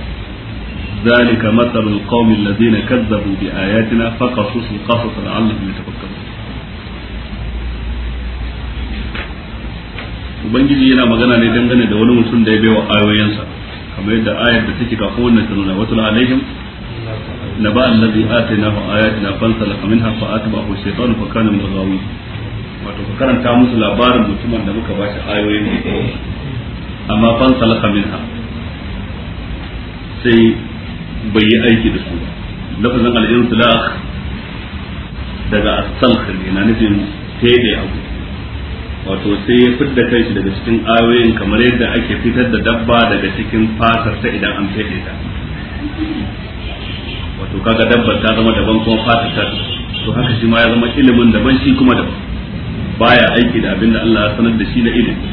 ذلك مثل القوم الذين كذبوا بآياتنا فقصص القصص لعلهم يتفكرون ubangiji yana magana ne dangane da wani mutum da ya baiwa ayoyinsa kamar yadda ayar da take kafin wannan ta na watul alaihim naba allazi atainahu ayatina fansalaka minha fa atba'ahu shaytanu fa kana min wato ka karanta musu labarin mutumin da muka bashi ayoyin amma ban salaka minha sai bai yi aiki da su lafazin al-insilakh daga as-salkh ne na nufin tede abu wato sai ya fidda kanshi daga cikin ayoyin kamar yadda ake fitar da dabba daga cikin fatar ta idan an tede ta wato kaga dabbar ta zama daban kuma fatar ta to haka shi ma ya zama ilimin daban shi kuma daban baya aiki da abin da Allah ya sanar da shi na ilimi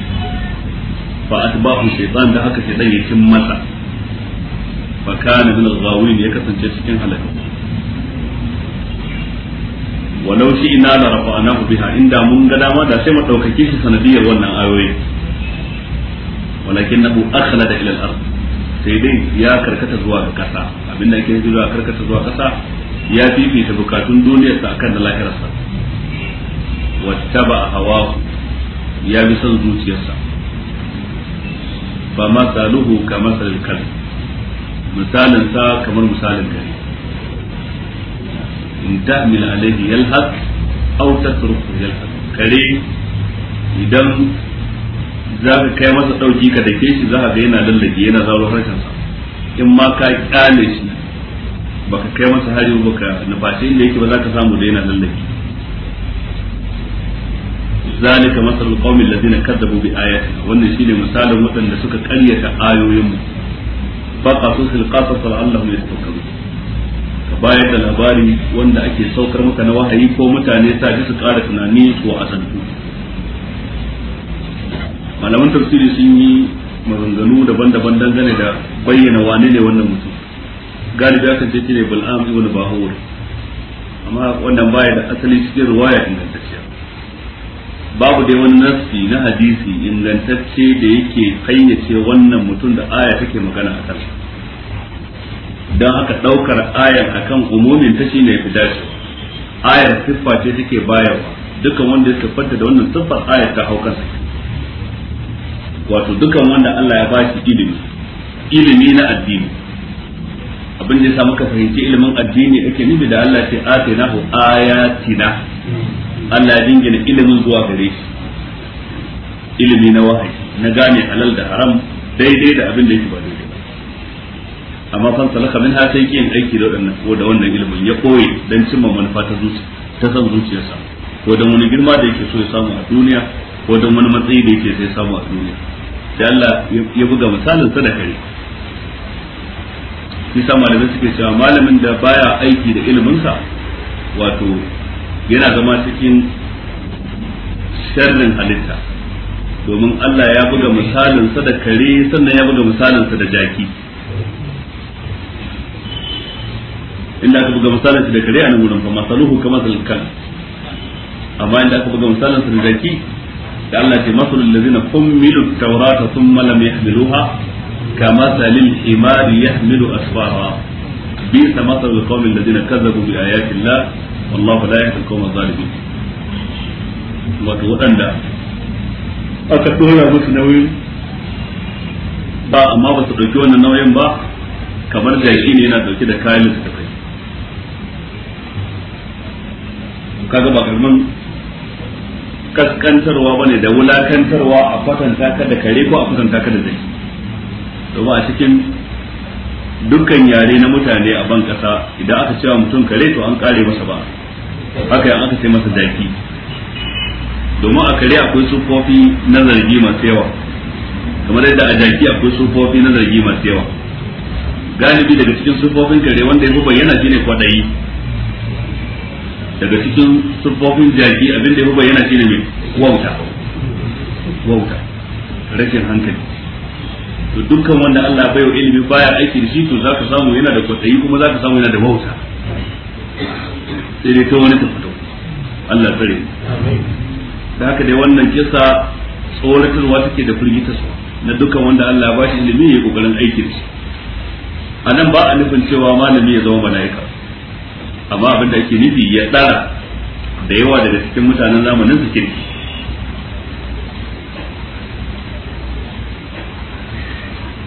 fa atba'u shaytan da haka shaytan ya cin masa fa kana min al-ghawin ya kasance cikin halaka walau shi ina la rafa'nahu biha inda mun ga dama da sai mu daukake shi sanadiyar wannan ayoyi walakinahu akhlada ila al-ard sai dai ya karkata zuwa ga kasa abinda yake zuwa karkata zuwa kasa ya fifita bukatun duniyarsa akan na lahirarsa a hawa ya fi son zuciyarsa fa masaluhu ka masalil kal misalin sa kamar misalin gari in ta'mil alayhi yalhaq aw tatruku yalhaq kare idan za ka kai masa ɗauki ka dake shi za ka ga yana in ma ka shi baka kai masa hari ka nufashe inda yake ba za ka samu da yana zalika masalul qaumil ladina kadzabu bi ayatina wannan shine misalin wadanda suka karyata ayoyinmu faqasu fil qasas la'allahum yatafakkarun ka bayar da labari wanda ake saukar maka na wahayi ko mutane sa ji su ƙara tunani ko asalku malaman tafsiri sun yi maganganu daban-daban dangane da bayyana wane ne wannan mutum galibi akan ce shine bal'am ibn bahur amma wannan baya da asali cikin ruwaya ingantacciya babu dai wani nassi na hadisi ingantacce da yake ce wannan mutum da aya take magana a kan don haka ɗaukar ayar akan umumin ta shine fi dace ayar siffa ce take bayarwa dukan wanda ya siffanta da wannan siffar ayar ta hau kansa wato dukan wanda Allah ya bashi ilimi ilimi na addini abin da ya samu muka fahimci ilimin addini ake nufi da Allah ce hu ayatina Allah ya dingina ilimin zuwa gare shi ilimi na wahayi na gane halal da haram daidai da abin da yake ba daidai amma fan salaka min ha yake yin aiki da wadannan ko da wannan ilimin ya koye dan cimma manufa ta zuci ta san zuciyarsa ko dan wani girma da yake so ya samu a duniya ko dan wani matsayi da yake ya samu a duniya sai Allah ya buga misalin sa da kare shi sa malamai suke cewa malamin da baya aiki da iliminsa wato yana zama cikin sharrin halitta domin Allah ya buga misalinsa da kare sannan ya buga misalinsa da jaki inda aka buga misalinsa da kare a nan wurin fa masaluhu kama zalkan amma inda aka buga misalinsa da jaki da Allah ce masalul ladzina hummilu tawrata thumma lam yahmiluha kama salil himari yahmilu asfara bi samatal qawmin ladzina kazzabu bi ayati Allah wallahu la yahdi al-qawma zalimin wato waɗanda aka dora musu nauyin ba amma ba su ɗauki wannan nauyin ba kamar jaki ne yana ɗauke da kayan da kai kaga ba karamin kaskantarwa bane da wulakantarwa a kwatanta ka da kare ko a kwatanta ka da To ba a cikin dukkan yare na mutane a ban kasa idan aka cewa mutum kare to an kare masa ba haka yan aka ce masa jaki domin a kare akwai sufofi na zargi masu yawa kamar yadda a jaki akwai sufofi na zargi masu yawa galibi daga cikin sufofin kare wanda ya fi shi shine kwaɗayi daga cikin sufofin jaki abin da ya fi bayyana shine mai wauta wauta rashin hankali to dukkan wanda Allah bai wa ilimi baya aiki da shi to zaka samu yana da kwatayi kuma zaka samu yana da wauta sai dai ta wani ta fito Allah tsare da haka dai wannan kisa tsoratarwa take da firgita su na dukkan wanda Allah ba shi ilimi ya kokarin aiki da shi a nan ba a nufin cewa malami ya zama mala'ika amma abin da ake nufi ya tsara da yawa daga cikin mutanen zamanin su kirki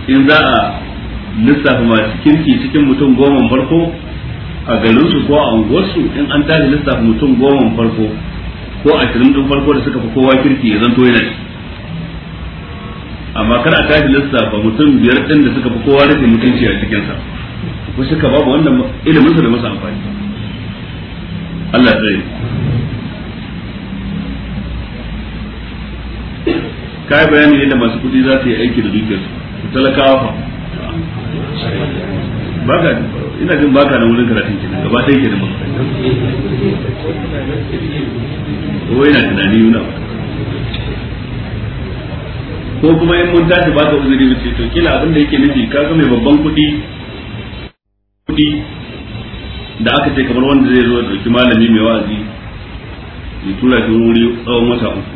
in za a lissafa masu kirki cikin mutum goma farko a garin su ko a unguwarsu in an tare lissafi mutum goma farko ko a shirin ɗin farko da suka fi kowa kirki ya zanto yana ci amma kar a tashi lissafa mutum biyar ɗin da suka fi kowa rufe mutunci a cikin sa ko suka babu wannan ilimin su da masa amfani Allah yi kai bayani yadda masu kuɗi za su yi aiki da dukiyarsu talakawa fa baka ina jin baka da wurin karatun kenan gaba ɗaya kenan mun ko ina tunani yuna ko kuma in mun tashi baka uzuri mu ce to kila abin da yake nufi ka mai babban kuɗi kuɗi da aka ce kamar wanda zai zo da ɗauki malami mai wa'azi ya tura shi wuri tsawon wata uku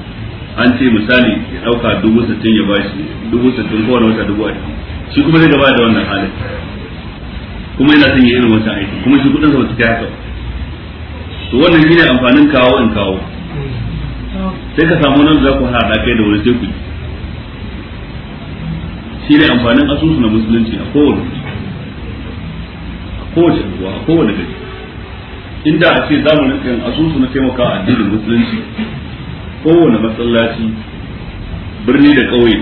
an ce misali ya ɗauka dubu sittin ya bashi dubu sittin kowane wata dubu a shi kuma zai gaba da wannan halin kuma yana son yi irin wancan aiki kuma shi kudin zama ba kai haka to wannan shi ne amfanin kawo in kawo sai ka samu nan da za ku hada kai da wani sai ku shi ne amfanin asusu na musulunci a kowane a kowace ruwa a kowane gari inda a ce zamanin kan asusu na taimaka a addinin musulunci kowane masallaci birni da ƙauye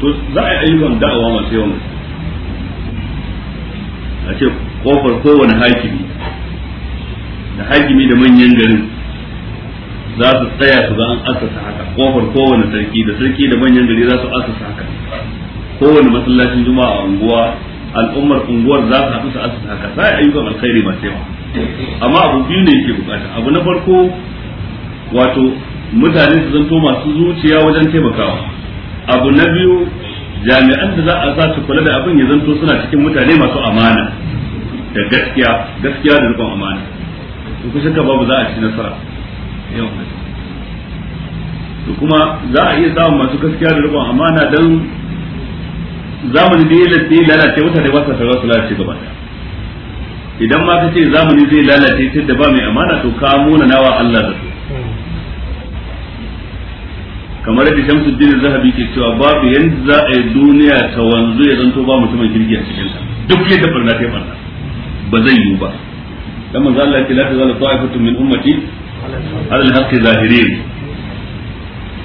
to za a yi ayyukan da'awa masu yawan a ce kofar kowane hakimi da hakimi da manyan garin za su tsaya su ga an asasa haka kofar kowane sarki da sarki da manyan gari za su asasa haka kowane masallacin juma'a a unguwa al'ummar unguwar za su haɗu su asasa haka za a ayyukan alkhairi ba sai amma abu biyu ne yake bukata abu na farko wato mutane su zanto masu zuciya wajen taimakawa abu na biyu jami'an da za a sa su kula da abin ya zanto suna cikin mutane masu amana da gaskiya gaskiya da rikon amana to ku shakka babu za a ci nasara yau to kuma za a iya samun masu gaskiya da rikon amana don zamani da ya lalace mutane ba sa sauran su lalace gaba idan ma ka ce zamani zai lalace tun da ba mai amana to ka muna nawa Allah da su kamar yadda Shamsu Shamsuddin Zahabi ke cewa babu yanzu za a yi duniya ta wanzu ya zanto ba mutumin kirki a cikin ta duk yadda barna ta barna ba zai yiwu ba dan manzo Allah ya ce la tazalu ta'ifatu min ummati ala al-haqqi zahirin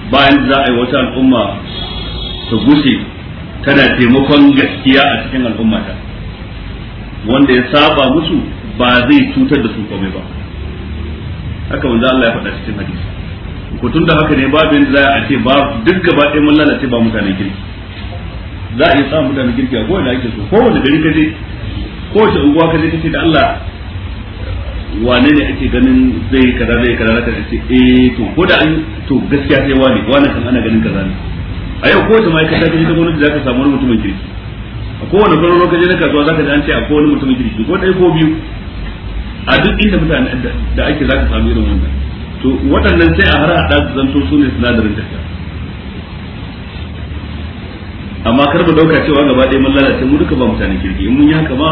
yanzu za a yi wata al'umma ta gushe tana taimakon gaskiya a cikin al'umma ta wanda ya saba musu ba zai cutar da su komai ba haka manzo Allah ya faɗa cikin hadisi ku tunda haka ne babu yadda za a ce ba duk gaba ɗaya mun lalace ba mutanen kirki za a iya samun mutanen kirki a kowane ake so wani gari ka je kowace unguwa ka je kace da Allah wane ne ake ganin zai kaza zai kaza ka ce eh to ko da an to gaskiya sai wani wani kan ana ganin kaza ne a yau kowace ma'aikata ta ta gwamnati za ka samu wani mutumin kirki a kowane ka je na kasuwa za ka ji an ce a kowane mutumin kirki ko ɗaya ko biyu a duk inda mutane da ake za ka samu irin wannan to waɗannan sai a har a ɗaci zanto su ne sinadarin zakka amma kar mu ɗauka cewa gaba ɗaya mun lalace mu duka ba mutane kirki in mun yi haka ba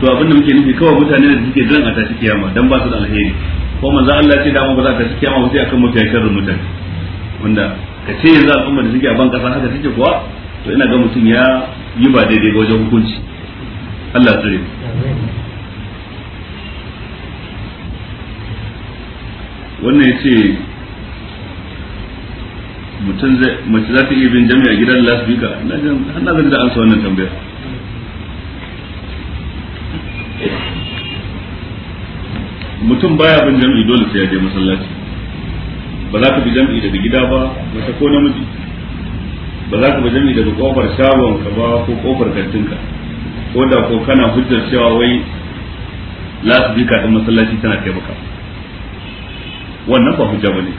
to abin da muke nufi kawai mutane da suke jiran a tashi kiyama dan ba su da alheri ko manzo Allah ya ce da ba za ka tashi kiyama ba sai akan mutane sharrin mutane wanda ka ce yanzu al'umma da suke a ban kasa haka take kuwa to ina ga mutum ya yi ba daidai ga wajen hukunci Allah tsare mu wannan ya ce mutum zai mace za ta iya bin jami'a gidan lasbika na zan da ansa wannan tambayar mutum baya bin jami'i dole sai ya je masallaci ba za ka bi jami'i daga gida ba wata ko namiji ba za ka bi jami'i daga kofar shagon ka ba ko kofar kantinka ko da ko kana hujjar cewa wai lasbika din masallaci tana taimaka wannan ba hujja bane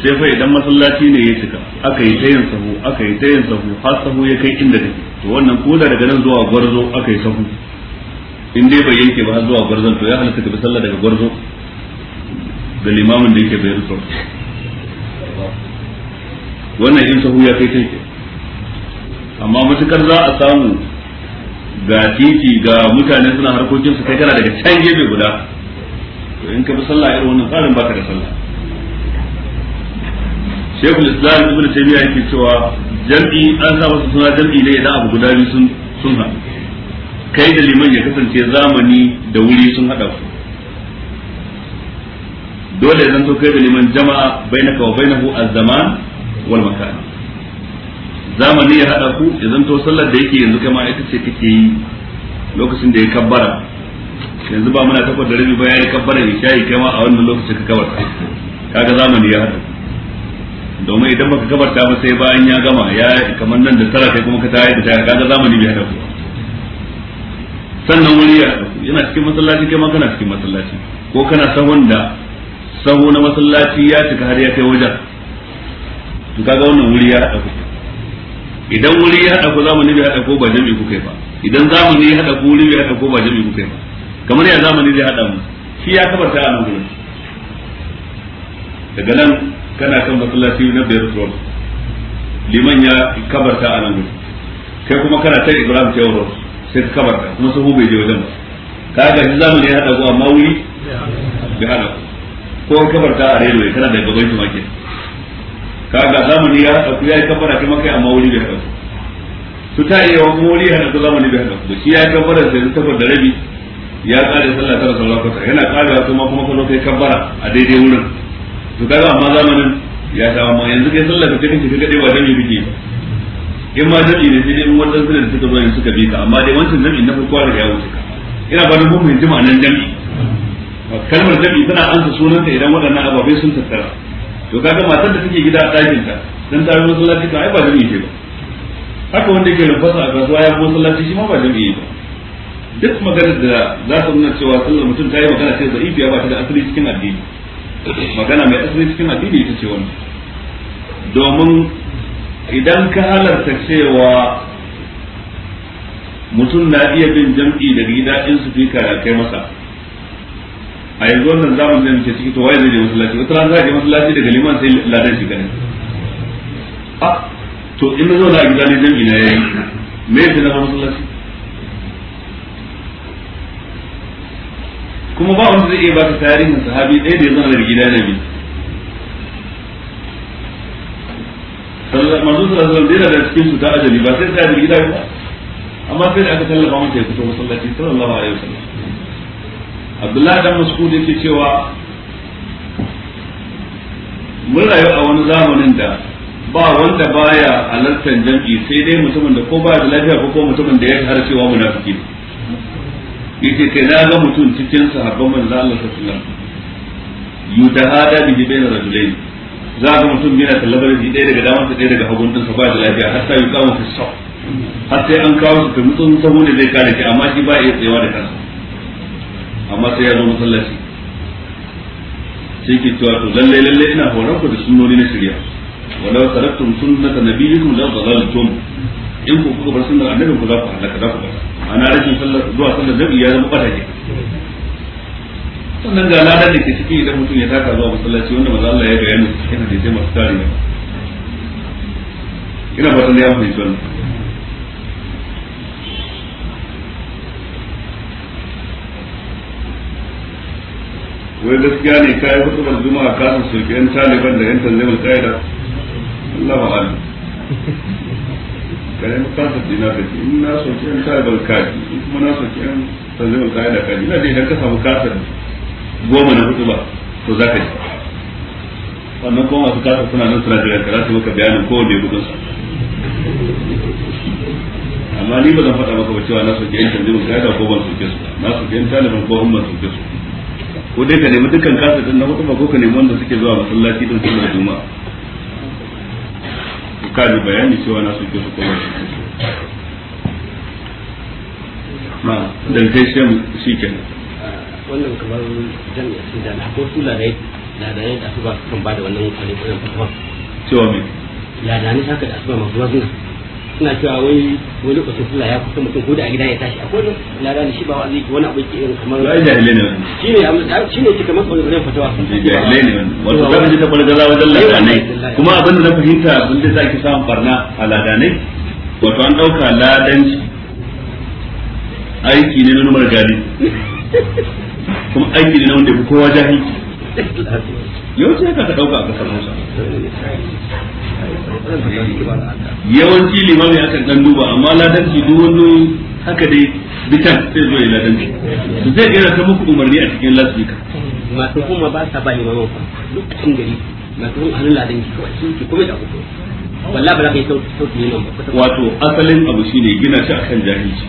sai fa idan masallaci ne ya cika aka yi tayin sahu aka yi tayin sahu har sahu ya kai inda kake to wannan ko da daga nan zuwa gwarzo aka yi sahu in dai bai yanke ba har zuwa gwarzon to ya halatta ka bi sallah daga gwarzo ga limamin da yake bayar sahu. wannan in sahu ya kai ta amma matukar za a samu ga titi ga mutane suna harkokinsu kai kana daga can gefe guda to in ka bi sallah irin wannan tsarin baka da sallah shekul islam ibn taymiya yake cewa jam'i an sa wasu suna jam'i ne idan abu guda biyu sun sun haɗu kai da liman ya kasance zamani da wuri sun haɗa ku dole zan so kai da liman jama'a bainaka wa bainahu az-zaman wal makan zamani ya haɗa ku ya zanto sallar da yake yanzu kama ita ce kake yi lokacin da ya kabbara yanzu ba muna takwas da rabi ba yi kabbara sha kai ma a wannan lokacin ka kabarta kaga zamani ya haɗu domin idan baka kabarta ba sai bayan ya gama ya kamar nan da tara kai kuma ka tayi da tayar kaga zamani bai haɗu sannan wuri ya haɗu yana cikin masallaci kai ma kana cikin masallaci ko kana sahun da sahu na masallaci ya cika har ya kai wajen to kaga wannan wuri ya haɗu idan wuri ya haɗu zamani bai haɗu ko ba jami'i ku kai ba idan zamani ya haɗu wuri bai haɗu ko ba jami'i ku kai ba kamar ya zamani zai hada mu shi ya kabarta ta nan gurin daga nan kana kan masallaci na Beirut road liman ya kabarta ta nan gurin kai kuma kana ta ibrahim ta road sai ka kabarta kuma sahu bai je wajen ba ka ga shi zamani ya hada ku amma wuri bai hada ku ko kabarta a railway kana da gaban shi make ka ga zamani ya hada ku ya kabara kai makai amma wuri bai hada ku su ta iya wani wuri hada ku zamani bai hada ku shi ya kabara sai ta da rabi ya kare sallah ta sauran ko yana wato kuma kuma ka sai kabbara a daidai wurin to kaga amma zamanin ya ta amma yanzu kai sallah ka cikin ka dai ba dami biki in ma dami ne sai dai in wannan sunan suka zo suka bi ka amma dai wancan dami na farko da ya wuce ka ina ba mun fahimci nan dan kalmar dabi tana ansa sunanta idan waɗannan ababe sun tattara to kaga matar da take gida a dakin ta dan ta masallaci ka ai ba dan ce ba haka wanda yake rubuta a kasuwa ya masallaci shi ma ba dami ba duk maganar da za ta nuna cewa sallar mutum ta yi magana ce ya ba ta da asali cikin addini magana mai asali cikin addini ita ce wani. domin idan ka halarta cewa mutum na iya bin jam'i da gida in su fika da kai masa a yanzu wannan zamanin da muke ciki to waye zai je masallaci wata ran za a je masallaci daga liman sai ladan shi ganin a ah, to in na zauna a gida ne jam'i na yayi me yake na masallaci kuma ba wanda zai iya ta tarihin sahabi ɗaya da ya zama da gida na biyu manzo sallallahu alaihi wasallam da cikin su ta ajali ba sai ta da gida ba amma sai da aka tallafa mata ya fito masallaci sallallahu alaihi wasallam Abdullahi dan Mas'ud yake cewa mun rayu a wani zamanin da ba wanda baya halartar jam'i sai dai mutumin da ko baya da lafiya ko ko mutumin da ya har cewa munafiki yace kai na ga mutum cikin sahabban manzo Allah sallallahu alaihi wasallam yutahada bi bayna rajulain za ga mutum yana talabar ji ɗaya daga dama sa ɗaya daga hagun ɗinsa ba da lafiya har sai yuka masa sau har sai an kawo su kamar mutum sabo zai kare shi amma shi ba iya tsayawa da kansa amma sai ya zo masallaci sai ke cewa to lallai lallai ina horar ku da sunnoni na shirya walau taraktum sunnata nabiyyikum la dhalaltum in ku kuka bar sunnar annabi ku za ku halaka za ku bar ana rashin zuwa sallar zabi ya zama kwata sannan ga ladar da ke ciki idan mutum ya taka zuwa masallaci wanda maza Allah ya bayyana cikin hadisai masu tarin yawa ina ba sun da ya fahimci wannan wai gaskiya ne kayi hutubar juma'a kasan soke yan taliban da yan tanzimin qaida Allah ba'ala karamin kasa ce na kaji in na soki yan tagar kaji in kuma na soki yan tanzimin kayan da kaji ina da idan ka samu kasa goma na hudu ba to za ka ji wannan kuma masu kasa suna nan suna jiran kara su maka bayanin kowane gudun sa amma ni ba zan faɗa maka ba cewa na soki yan tanzimin kayan da ko ban soke su na soki yan taliban ko ban soke su ko dai ka nemi dukkan kasa din na hudu ba ko ka nemi wanda suke zuwa masallaci don sallar juma'a kari bayani cewa na suke su kuma su ma dan kai sai shi ke wannan kamar jami'a sai da na ko su da rai da da yadda su ba su kan ba da wannan kwanin kwanin cewa me ya da ni haka da su ba masu zuwa suna cewa wai wani usufula ya kusa mutum ko da a gida ya tashi akwai na rana shi ba wa'azi wani abu ke irin kamar wai jahilai ne wannan shine amma shine ke kamar ɓangaren fatawa jahilai ne wannan wato kan ji ta ɓangaren wajen ladanai kuma abinda na fahimta abin da zaki samun barna a ladanai wato an ɗauka ladanci aiki ne na numar gari. kuma aiki ne na wanda ya fi kowa jahilci yawanci haka ka ɗauka a ƙasar Hausa yawanci limami akan dan duba amma ladanci duk wani haka dai bitan sai zo ya ladanci su zai gina ta muku umarni a cikin lasbika masu kuma ba sa ba limamin ku duk cikin gari masu kuma hannun ladanci kawai sun ke kuma da kuku wallahi ba za ka yi sauki ne ba wato asalin abu shine gina shi akan jahilci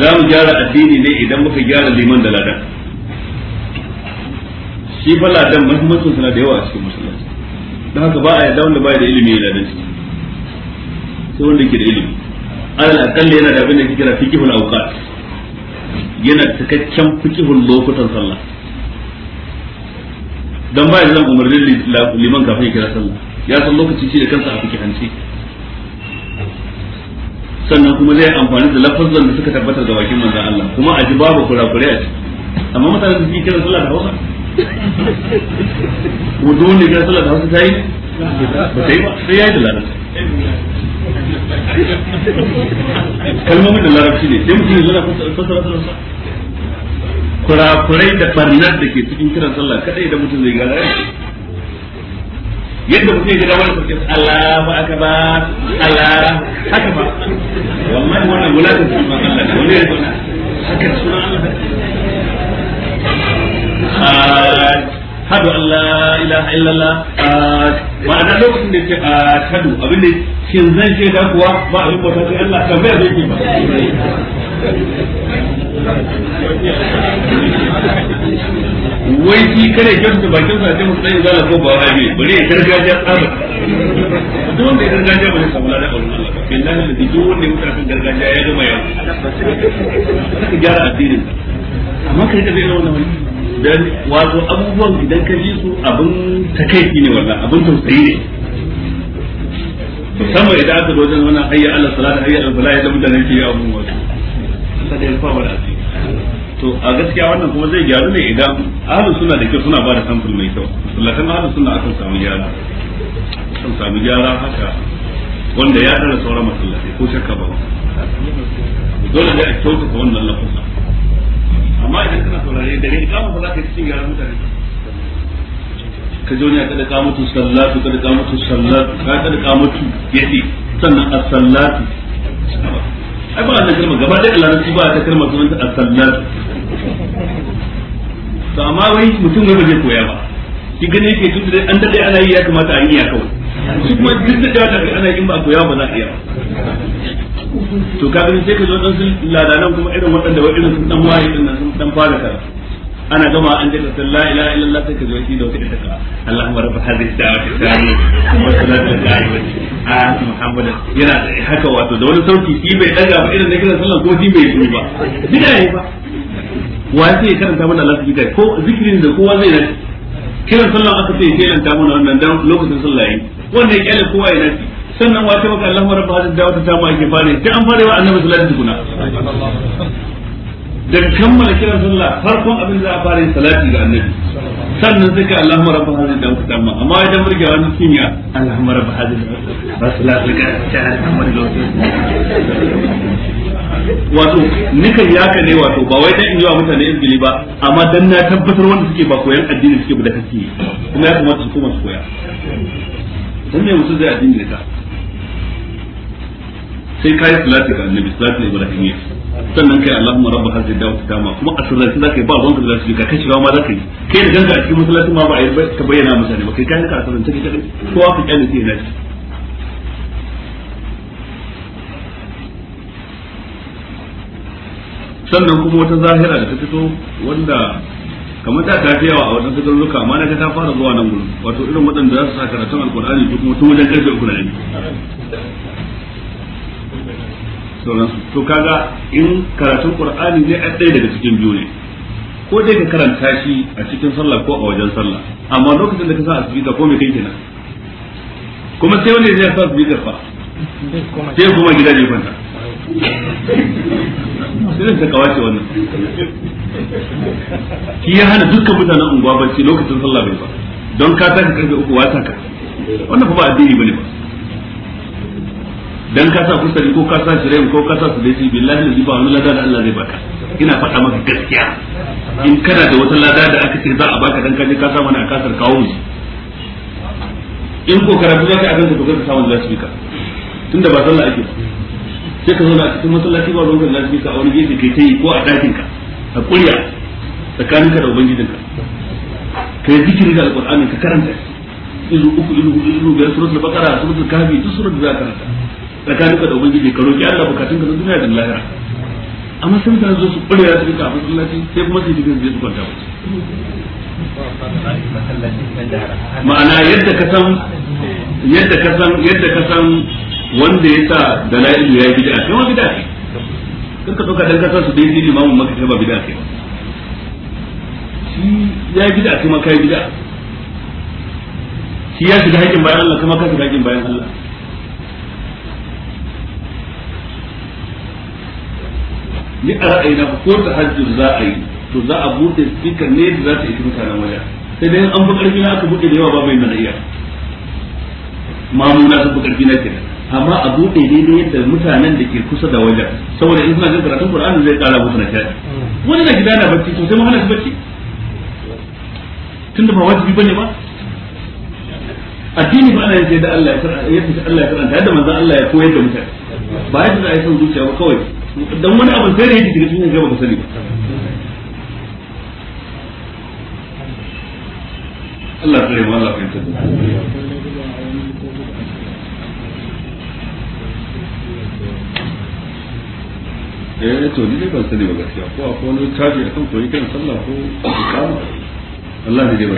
za mu gyara addini ne idan muka gyara liman da ladan shi fa ladan muhimmancin suna da yawa a cikin musulunci da haka ba a yadda wanda ba da ilimi yana da shi sai wanda ke da ilimi alal akalli yana da abin da kira fiqhul awqat yana cikakken fiqhul lokutan sallah dan ba zan umarnin liman kafin ya kira sallah ya san lokaci shi da kansa a fiqhanci sannan kuma zai amfani da lafazan da suka tabbatar da bakin manzon Allah kuma a ji babu kurakurai a ciki amma mutane su kira sallah da Hausa wudu ne ga sallah da wasu ta yi ba ta yi ba sai ya yi da larabci kalmomin da larabci ne sai mutum ya zo fasara da kurakurai da barnar da ke cikin kiran sallah kadai da mutum zai gara yadda mutum ya wani sarki Allahu akbar Allah haka ba wallahi wannan wulatin sunan Allah ne wani haka Allah Hadu an la ilaha illallah ma'ana lokacin da ce Hadu abin da shin zan ce da kuwa ba abin bauta sai Allah tambaya zai ke ba wai shi kare kyan da bakin sa ce musu dai zala ko ba wani bari ya gargajiya tsaba duk wanda ya gargajiya ba samu lada ba wannan Allah billahi da duk wanda ya mutu gargajiya ya gama yau ka gyara addinin amma kai da zai wannan wani dan wato abubuwan idan ka ji su abin takaici ne wannan abin tausayi ne musamman idan aka zo wajen wannan ayyar Allah salatu ayyar al-fala ya da nan ke yi abun wato sai ba da shi to a gaskiya wannan kuma zai gyaru ne idan ahlus suna da kyau suna ba da samfur mai kyau sallatan ahlus sunna akan samu gyara akan samu gyara haka wanda ya dara sauran masallatai ko shakka ba dole ne a kyautata wannan lafazin amma idan kana saurare da rai kama ba za ka cikin yaran mutane ka zo ne ka da kamatu sallatu ka da kamatu sallatu ka da kamatu yadi sannan as-sallatu ai ba wannan kalma gaba da larabci ba ta kalma sunan as-sallatu to amma wai mutum wai ba zai koya ba shi gane yake tun da an dade ana yi ya kamata a yi ya kawai shi kuma duk da ana ba ba za a iya to ka sai ka zo dan ladanan kuma irin waɗanda wa irin dan waye gama an wata Allahumma rabb yana da haka wato da wani sauki shi bai daga ba irin da kira sallan ko shi bai yi ba ba wa sai karanta mana Allah ko zikirin da kowa zai kiran sallan aka ce sai lanta mana wannan dan lokacin sallah yayi wanda ya kyale kowa ya nafi sannan wace maka Allahu rabba hadin dawa ta tama yake fare an fara annabi sallallahu alaihi wasallam da kammala kiran sallah farkon abin da za a fara yin salati ga annabi sannan sai ka Allahumma rabba hadin dawa ta tama amma idan murge wani kimiyya Allahumma rabba hadin salatu ga wato nikan yaka ne wato ba wai dan in yi wa mutane izgili ba amma dan na tabbatar wanda suke ba koyan addini suke ba da kake kuma ya kamata su koma su koya dan me mutum zai addini da ka sai kai salati ga annabi salati ibrahimiyya sannan kai allahumma rabb hadhihi da'wati kuma a sirrance ba wanda ma kai da ganka a cikin masallacin ma ba a yi ka bayyana mutane ba kai kai ka kai kyale sannan kuma wata zahira da ta fito wanda kamar ta ta yawa a wajen tagarruka amma na ta fara zuwa nan gurin wato irin waɗanda za su sa karatun alkur'ani duk mutum wajen karfe uku na yanzu to kaga in karatun qur'ani ne a ɗaya daga cikin biyu ne ko dai ka karanta shi a cikin sallah ko a wajen sallah amma lokacin da ka sa asibita ko me kai kenan kuma sai wanda ya sa ka fa sai kuma gida ne kwanta irin ta kawace wannan shi ya hana dukkan mutanen unguwa bacci lokacin sallah bai ba don ka tashi karfe uku wata ka wannan fa ba addini bane ba dan ka sa kusari ko ka sa shirayin ko ka sa su dace billahi da ba wani lada da Allah zai baka ina faɗa maka gaskiya in kana da wata lada da aka ce za a baka dan ka je ka sa mana a kasar kawo mu in ko karatu za ka a ganka to ka samu lafiya tunda ba sallah ake ba sai ka zauna a cikin masallaci ba ruwan lafi ka a wani gefe ke ta yi ko a ɗakin ka a ƙulya ka da ubangijinka ka ka yi zikiri da alƙur'ani ka karanta izu uku izu hudu izu biyar suratul baqara suratul kahfi duk surat da za ka karanta tsakaninka da ubangiji ka roki Allah bukatun ka na duniya da lahira amma sai mutane zo su ƙulya su ka a masallaci sai kuma sai jikin zai su kwanta ma'ana yadda ka san yadda ka san yadda ka san wanda ya sa dalailu ya yi bid'a kai ma bid'a kai kan ka dauka dan ka su dai shi imamu maka kai ba bid'a kai ba shi ya yi bid'a kai ma kai bid'a shi ya shiga haƙin bayan Allah kuma ka da haƙin bayan Allah ni a na ko ta hajji za a yi to za a bude speaker ne da za ta isi mutanen waya sai dai an fi karfi na aka bude da yawa ba mai mana iya mamuna sun fi karfi na kenan amma a buɗe daidai yadda mutanen da ke kusa da wajen saboda in suna jin karatun Qur'ani zai ƙara musu nishaɗi wani na gida na bacci sosai mu hana su bacci tunda ba wajibi bane ba addini ba ana yin sai da Allah ya karanta yadda Allah ya karanta yadda manzon Allah ya koyar da mutane ba yadda za a yi son zuciya ba kawai dan wani abin sai da yake daga cikin gaba ba sani ba Allah ya tsare mu Allah ya tsare eh to ni ban sani ba gaskiya ko akwai wani caji akan koyi kan sallah ko ikama Allah ne dai ba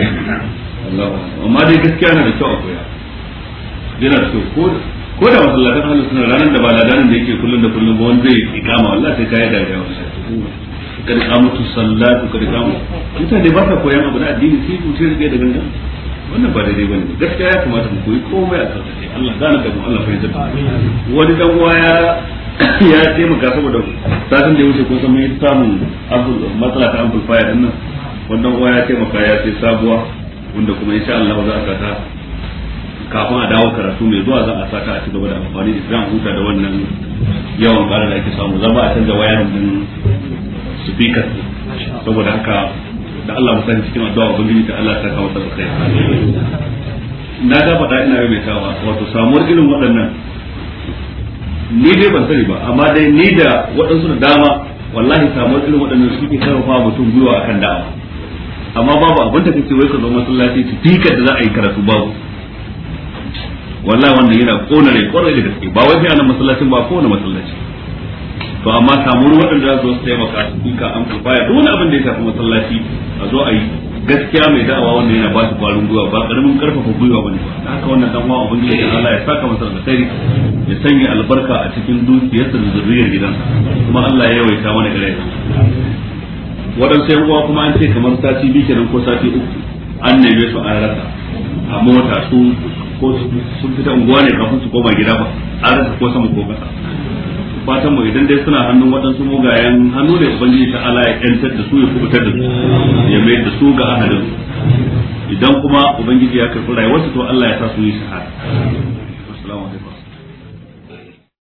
Allah amma dai gaskiya na da kyau a koya yana so ko ko da masallatan halin suna ranar da ba ladanin da yake kullum da kullum ba wanda zai ikama Allah sai kai da yawa kada kamatu sallatu kada kamu mutane ba sa koyan abu na addini sai mutum ya da gangan wannan ba daidai bane gaskiya ya kamata mu koyi komai a kan Allah gane da mu Allah fahimta wani dan waya ya taimaka saboda satin da ya wuce kun san mun samun matsala ta amplifier din nan wanda kuma ya taimaka ya sai sabuwa wanda kuma insha Allah za a sata kafin a dawo karatu mai zuwa za a saka a ci da amfani da idan huta da wannan yawan ƙara da ake samu zama a canza wayar din speaker saboda haka da Allah musan cikin addu'a ubangiji ta Allah ta kawo ta kai na ga faɗa ina mai tawa wato samuwar irin waɗannan ni dai ban sani ba amma dai ni da waɗansu da dama wallahi samuwar irin waɗannan ke karfafa mutum gwiwa a akan da'awa amma babu abin da kake wai ka zo masallaci su fikar da za a yi karatu babu wallahi wannan yana kona rai kwarai da gaske ba wai sai a masallacin ba kowane masallaci to amma samun waɗanda za su taimaka su ka amfani duk wani abin da ya shafi masallaci a zo a yi gaskiya mai da'awa wanda yana ba shi kwarin gwiwa ba karamin karfafa gwiwa bane ba haka wannan dan wa ubangiji da Allah ya saka masa alkhairi ya sanya albarka a cikin dukiyarsa da zuriyar gidan kuma Allah ya yawaita mana gare wadan sai uwa kuma an ce kamar sati biyu kenan ko sati uku an neme su an rasa a mota su ko sun fita unguwa ne kafin su koma gida ba an rasa ko sama ko kasa fatan mu idan dai suna hannun waɗansu mugayen hannu da ubangiji ta ala ya yantar da su ya kubutar da su ya mai da su ga ahalin idan kuma ubangiji ya karɓi rayuwarsu to Allah ya sa su yi shahara assalamu alaikum